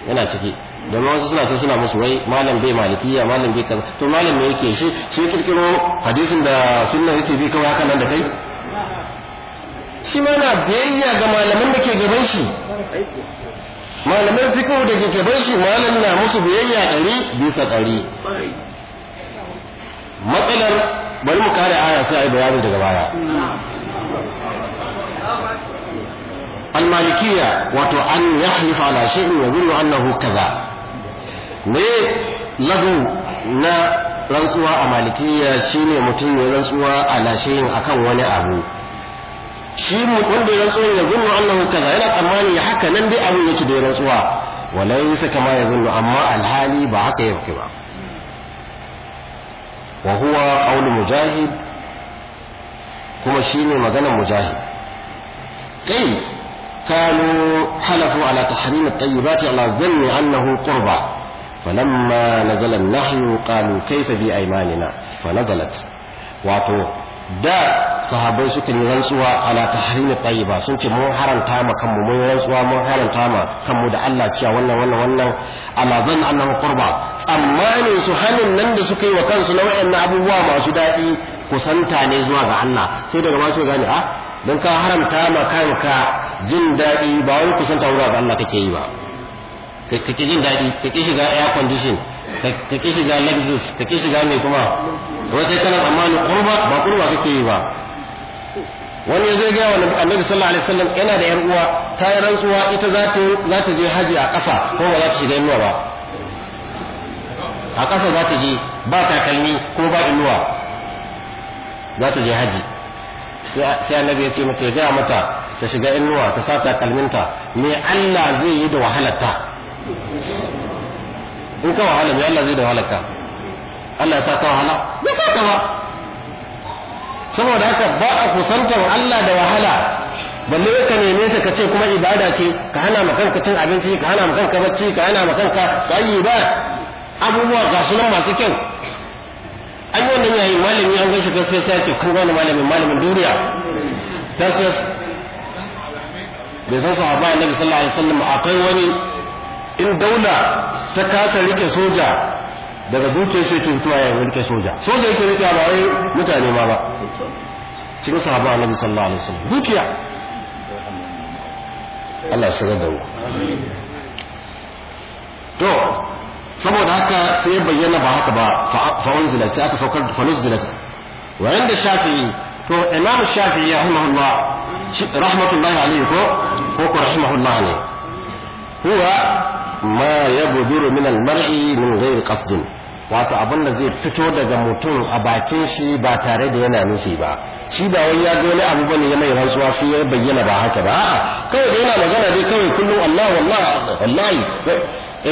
yana ciki domin wasu suna ce suna musu wai malam bai malikiya malam bai kaza to malam me yake shi shi kirkiro hadisin da sunna yake bi kawai haka nan da kai shi ma na biyayya ga malaman da ke gaban shi malaman fikihu da ke gaban shi malam na musu biyayya ɗari bisa ɗari matsalar bari mu kare aya sai a yi bayani daga baya almalikiya wato an ya halifa ala shi'in ya zuru annahu kaza me lagu na rantsuwa a malikiya shine mutum ya rantsuwa ala shi'in akan wani abu shi wanda ya rantsuwa ya zunnu annahu kaza yana tsammani haka nan dai abin yake da ya rantsuwa walaysa kama ya zunnu amma alhali ba haka yake ba wa huwa qawlu mujahid kuma shine maganar mujahid kai kanu halafu ala tahrim at-tayyibati ala dhanni annahu qurba falamma nazala an-nahyu qalu kayfa bi aymanina fa wato da sahabbai suka yi rantsuwa ala tahrimi tayyiba sun ce mun haranta ma kanmu mun rantsuwa mun haranta ma kanmu da Allah cewa wannan wannan wannan ala zan annahu qurba tsammanin su hanin nan da suka yi wa kansu na wayannan abubuwa masu daɗi kusanta ne zuwa ga Allah sai daga ma su gane a ah, dan ka haramta ma kanka jin daɗi ba wani kusanta zuwa ga Allah kake yi ba kake jin daɗi kake shiga air condition kake shiga Lexus kake shiga ne kuma wai kai kana tsammanin kurba ba kurba kake yi ba wani ya zai gaya wa annabi sallallahu alaihi wasallam yana da yar uwa ta yi rantsuwa ita za ta za ta je haji a ƙasa ko ba za ta shiga inuwa ba a ƙasa za ta je ba takalmi ko ba inuwa za ta je haji sai annabi ya ce mata ya gaya mata ta shiga inuwa ta sa takalminta me Allah zai yi da wahalarta in ka wahala me Allah zai da wahalarta Allah ya sa ka wahala ya sa ka ba saboda haka ba a kusantar Allah da wahala balle ka neme ka ce kuma ibada ce ka hana ma kanka cin abinci ka hana ma kanka bacci ka hana ma kanka ba abubuwa ga gashi nan masu kyau an yi wannan yayi malami an gaishe fesfes ya ce kun wani malamin malamin duniya fesfes bai san sahaba annabi sallallahu alaihi wasallam akwai wani in daula ta kasa rike soja daga zuciyar sai ke tuwa ya rike soja soja yake rike ba wai mutane ma ba cikin sahaba annabi sallallahu alaihi wasallam dukiya Allah ya shigar da to saboda haka sai bayyana ba haka ba fa unzila sai aka saukar fa nuzila wa inda shafi'i to imam shafi'i rahimahullah rahmatullahi alaihi ko ko rahimahullah ne huwa ma yabduru min al-mar'i min ghairi qasdin wato abin da zai fito daga mutum a bakin shi ba tare da yana nufi ba shi ba wai ya ga wani abu bane ya mai rantsuwa sai ya bayyana ba haka ba a'a kawai da yana magana dai kawai kullum Allah wallahi wallahi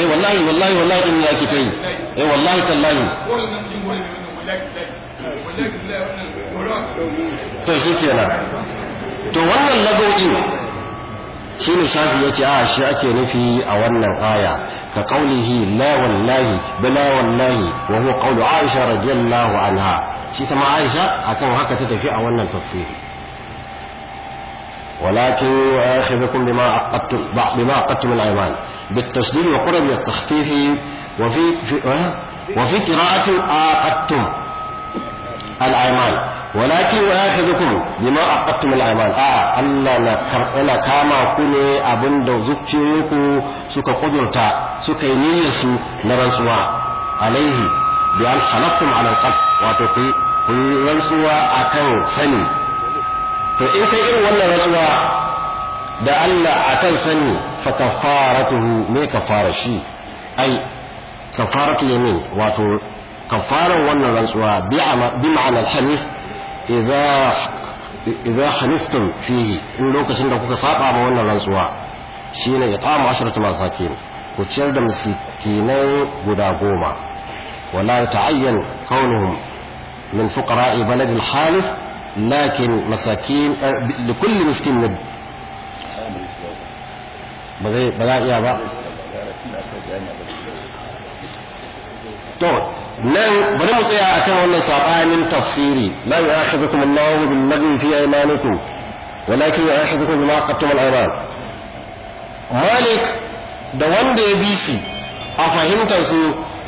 eh wallahi wallahi wallahi in yake tai eh wallahi tallahi to shi kenan to wannan lago'i shi ne shafi ya ce a shi ake nufi a wannan aya ka kaulihi la wallahi bala wallahi wa huwa qawlu aisha radiyallahu anha shi ta ma aisha akan haka ta tafi a wannan tafsiri ولكن يؤاخذكم بما عقدتم بما عقدتم الايمان بالتشديد وقرب التخفيف وفي في وفي قراءة عقدتم الايمان walaki wa ya ta zukuru bima aqattum al-ayman a Allah na kama ku ne abin da zuciyoyinku suka kudurta suka yi niyyar su na rantsuwa alaihi bi an halaktum ala al wato ku yi rantsuwa akan sani to in kai irin wannan rantsuwa da Allah akan sani fa shi wato wannan rantsuwa bi ma'anar hanif idza idza haliftum fihi in lokacin da kuka saba ma wannan rantsuwa shine itamu asharatu masakin ku ciyar da miskinai guda goma wala yata'ayyan kaunuhum min fuqara'i balad al-halif lakin masakin likulli miskin ba zai ba za iya ba to nan bari mu tsaya akan wannan sabanin tafsiri la yu'akhidhukum Allahu bil lagwi fi aymanikum walakin yu'akhidhukum bima aqadtum al ayman Malik da wanda ya bi shi a fahimtar su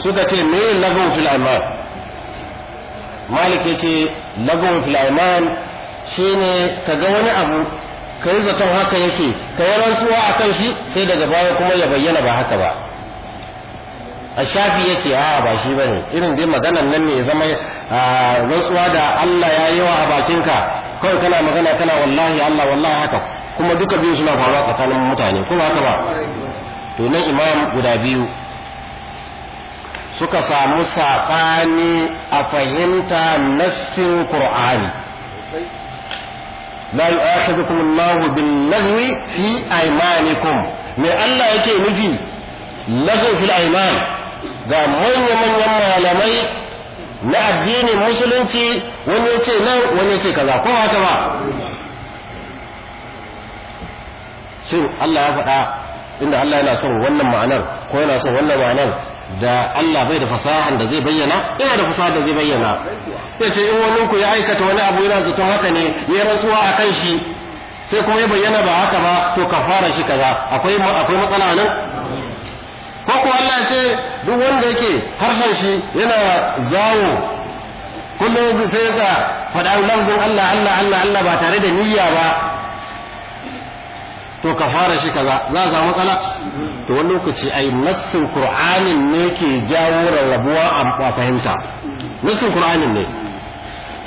suka ce me lagwi fil ayman Malik yace lagwi fil ayman shine kaga wani abu kai zaton haka yake kai rantsuwa akan shi sai daga baya kuma ya bayyana ba haka ba a shafi ya ce a ba shi irin dai maganan nan ne zama rantsuwa da Allah ya yi wa a bakinka kawai kana magana kana wallahi Allah wallahi haka kuma duka biyu suna faruwa tsakanin mutane ko ba haka ba to nan imam guda biyu suka samu saɓani a fahimta nassin qur'ani la yu'akhidhukum Allahu bin lagwi fi aymanikum me Allah yake nufi lagwi fil ayman ga manya-manyan malamai na addinin musulunci wani ya ce nan wani ya ce kaza ko haka ba shin Allah ya faɗa inda Allah yana son wannan ma'anar ko yana son wannan ma'anar da Allah bai da fasahan da zai bayyana Ina da fasahan da zai bayyana ya ce in wani ku ya aikata wani abu yana zaton haka ne ya rantsuwa a kan shi sai kuma ya bayyana ba haka ba to ka fara shi kaza akwai akwai matsala nan wanda yake harshen shi yana zawo kullum sai ya faɗa lafzin Allah Allah Allah Allah ba tare da niyya ba to ka fara shi kaza za a samu matsala to wani lokaci ai nassin qur'anin ne ke jawo rarrabuwa a fahimta nassin qur'anin ne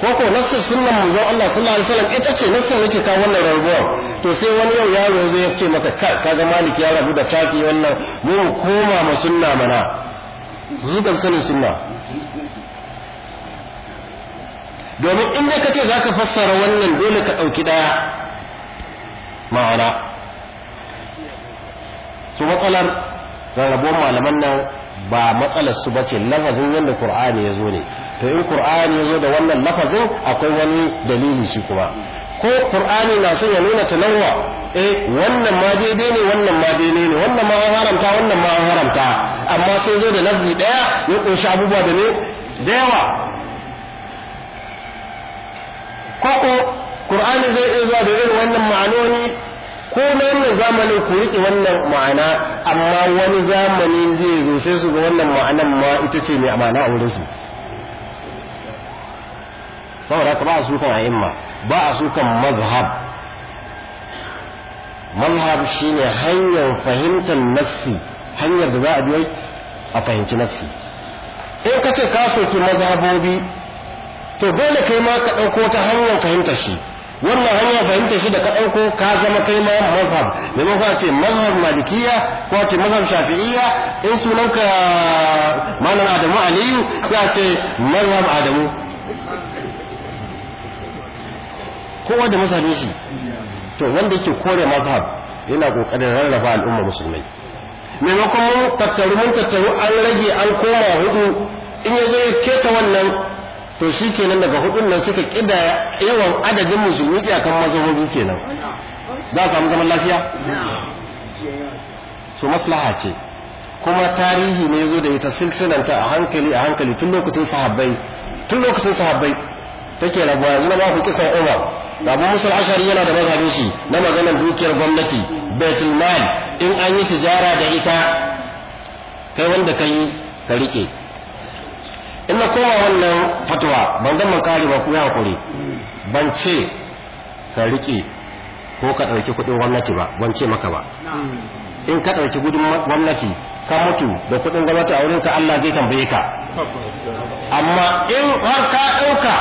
ko ko nassin sunnan manzon Allah sallallahu alaihi wasallam ita ce nassin yake kawo wannan rarrabuwa to sai wani yau yaro zai ya ce maka ka ga maliki ya rabu da shafi wannan mu koma ma sunna mana su sanin sunna domin ka ce kace zaka fassara wannan dole ka ɗauki ɗaya. ma'ana su matsalar rarrabuwar malaman nan ba matsalar su bace lafazin yadda qur'ani ya zo ne to in qur'ani ya zo da wannan lafazin akwai wani dalili shi kuma ko qur'ani na son ya nuna tanawwa eh wannan ma daidai ne wannan ma daidai ne wannan ma an haramta wannan ma an haramta amma sai zo da lafzi daya ya kunshi abubuwa da ne da yawa ko qur'ani zai iya zuwa da irin wannan ma'anoni ko na wannan zamanin ku riƙe wannan ma'ana amma wani zamani zai zo sai su ga wannan ma'anan ma ita ce mai amana a wurinsu saboda ka ba su kan a'imma ba a sukan mazhab mazhab shine hanyar fahimtar nassi hanyar da za a biyo a fahimci nassi in ka ce ka soki mazhabobi to dole kai ma ka ɗauko ta hanyar fahimtar shi wannan hanyar fahimtar shi da ka ɗauko ka zama kai ma mazhab ma a ce mazhab malikiya ko a ce mazhab shafi'iya in sunanka malam adamu aliyu sai a ce mazhab adamu kowa da mazhabin shi to wanda yake kore mazhab yana kokarin rarraba al'umma musulmai maimakon mun tattaru mun tattaru an rage an koma hudu in ya zo ya keta wannan to shi kenan daga hudun nan suka kida yawan adadin musulmi kan mazhabobi kenan za a samu zaman lafiya so maslaha ce kuma tarihi ne zo da ita silsilanta a hankali a hankali tun lokacin sahabbai tun lokacin sahabbai take rabuwa yanzu na ba ku kisan umar abu musul ashari yana da mazhabin shi na maganar dukiyar gwamnati baitul mal in an yi tijara da ita kai wanda ka yi ka rike inna kowa wannan fatwa ban ga man ba ku ya hakuri ban ce ka rike ko ka ɗauki kuɗin gwamnati ba ban ce maka ba in ka ɗauki gudun gwamnati ka mutu da kuɗin gwamnati a wurin ka Allah zai tambaye ka amma in har ka ɗauka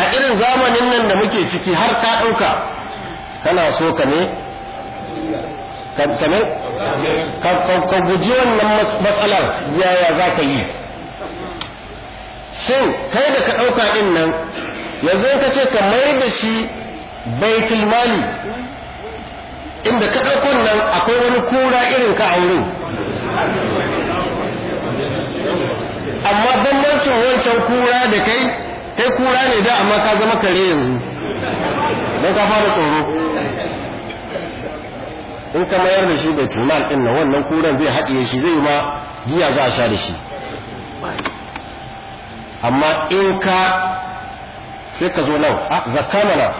a irin zamanin nan da muke ciki har ka ɗauka kana so ka ne ka guji wannan matsalar yaya za ka yi shin kai da ka ɗauka ɗin nan yanzu ka ce ka mai da shi baitul mali inda ka ɗaukon nan akwai wani kura irin ka aure. amma bambancin wancan kura da kai kai kura ne da amma ka zama kare yanzu don ka fara tsoro in ka mayar da shi bai tunan din nan wannan kuran zai haɗiye shi zai ma giya za a sha da shi amma in ka sai ka zo nan zakka mana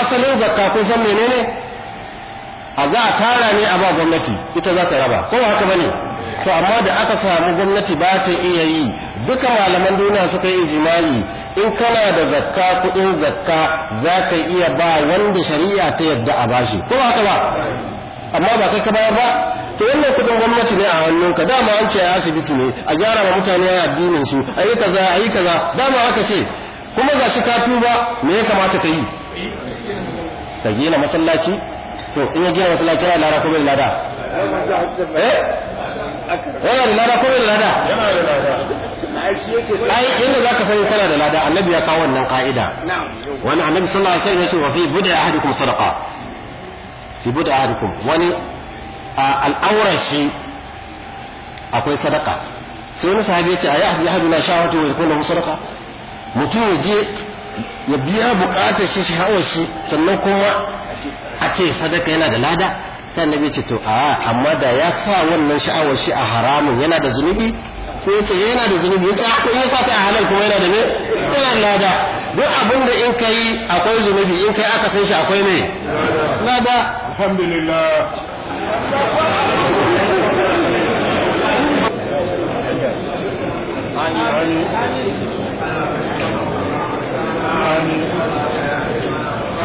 asalin zakka kun san menene a za a tara ne a ba gwamnati ita za ta raba ko haka bane to amma da aka samu gwamnati ba ta iya yi duka malaman duniya suka yi ijimai in kana da zakka kudin zakka za ka iya ba wanda shari'a ta yadda a bashi ko haka ba amma ba kai ka bayar ba to wannan kudin gwamnati ne a hannunka dama an ce a asibiti ne a gyara ma mutane addinin su a yi kaza a yi kaza dama aka ce kuma ga shi ka ba me ya kamata ka yi ka gina masallaci to in ya gina masallaci ya lara ko lada eh? yana da lada ko da lada ai inda zaka sani kana da lada annabi ya kawo wannan ka'ida wani annabi sallallahu alaihi wasallam ya ce wa fi bud'a ahadikum sadaqa fi bud'a ahadikum wani al'aurar shi akwai sadaka sai wani sahabi ya ce ayi ahdi ahaduna shawatu wa yakuna lahu sadaqa mutum ya je ya biya bukatar shi hawa shi sannan kuma a ce sadaka yana da lada sai annabi ce to a amma da ya sa wannan sha'awar shi a haramun yana da zunubi sai ya ce eh, yana da zunubi ya ce in sa ta a halal kuma yana da me yana lada duk abin da in kai akwai zunubi in kai aka san shi akwai me lada alhamdulillah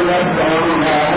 Sabe.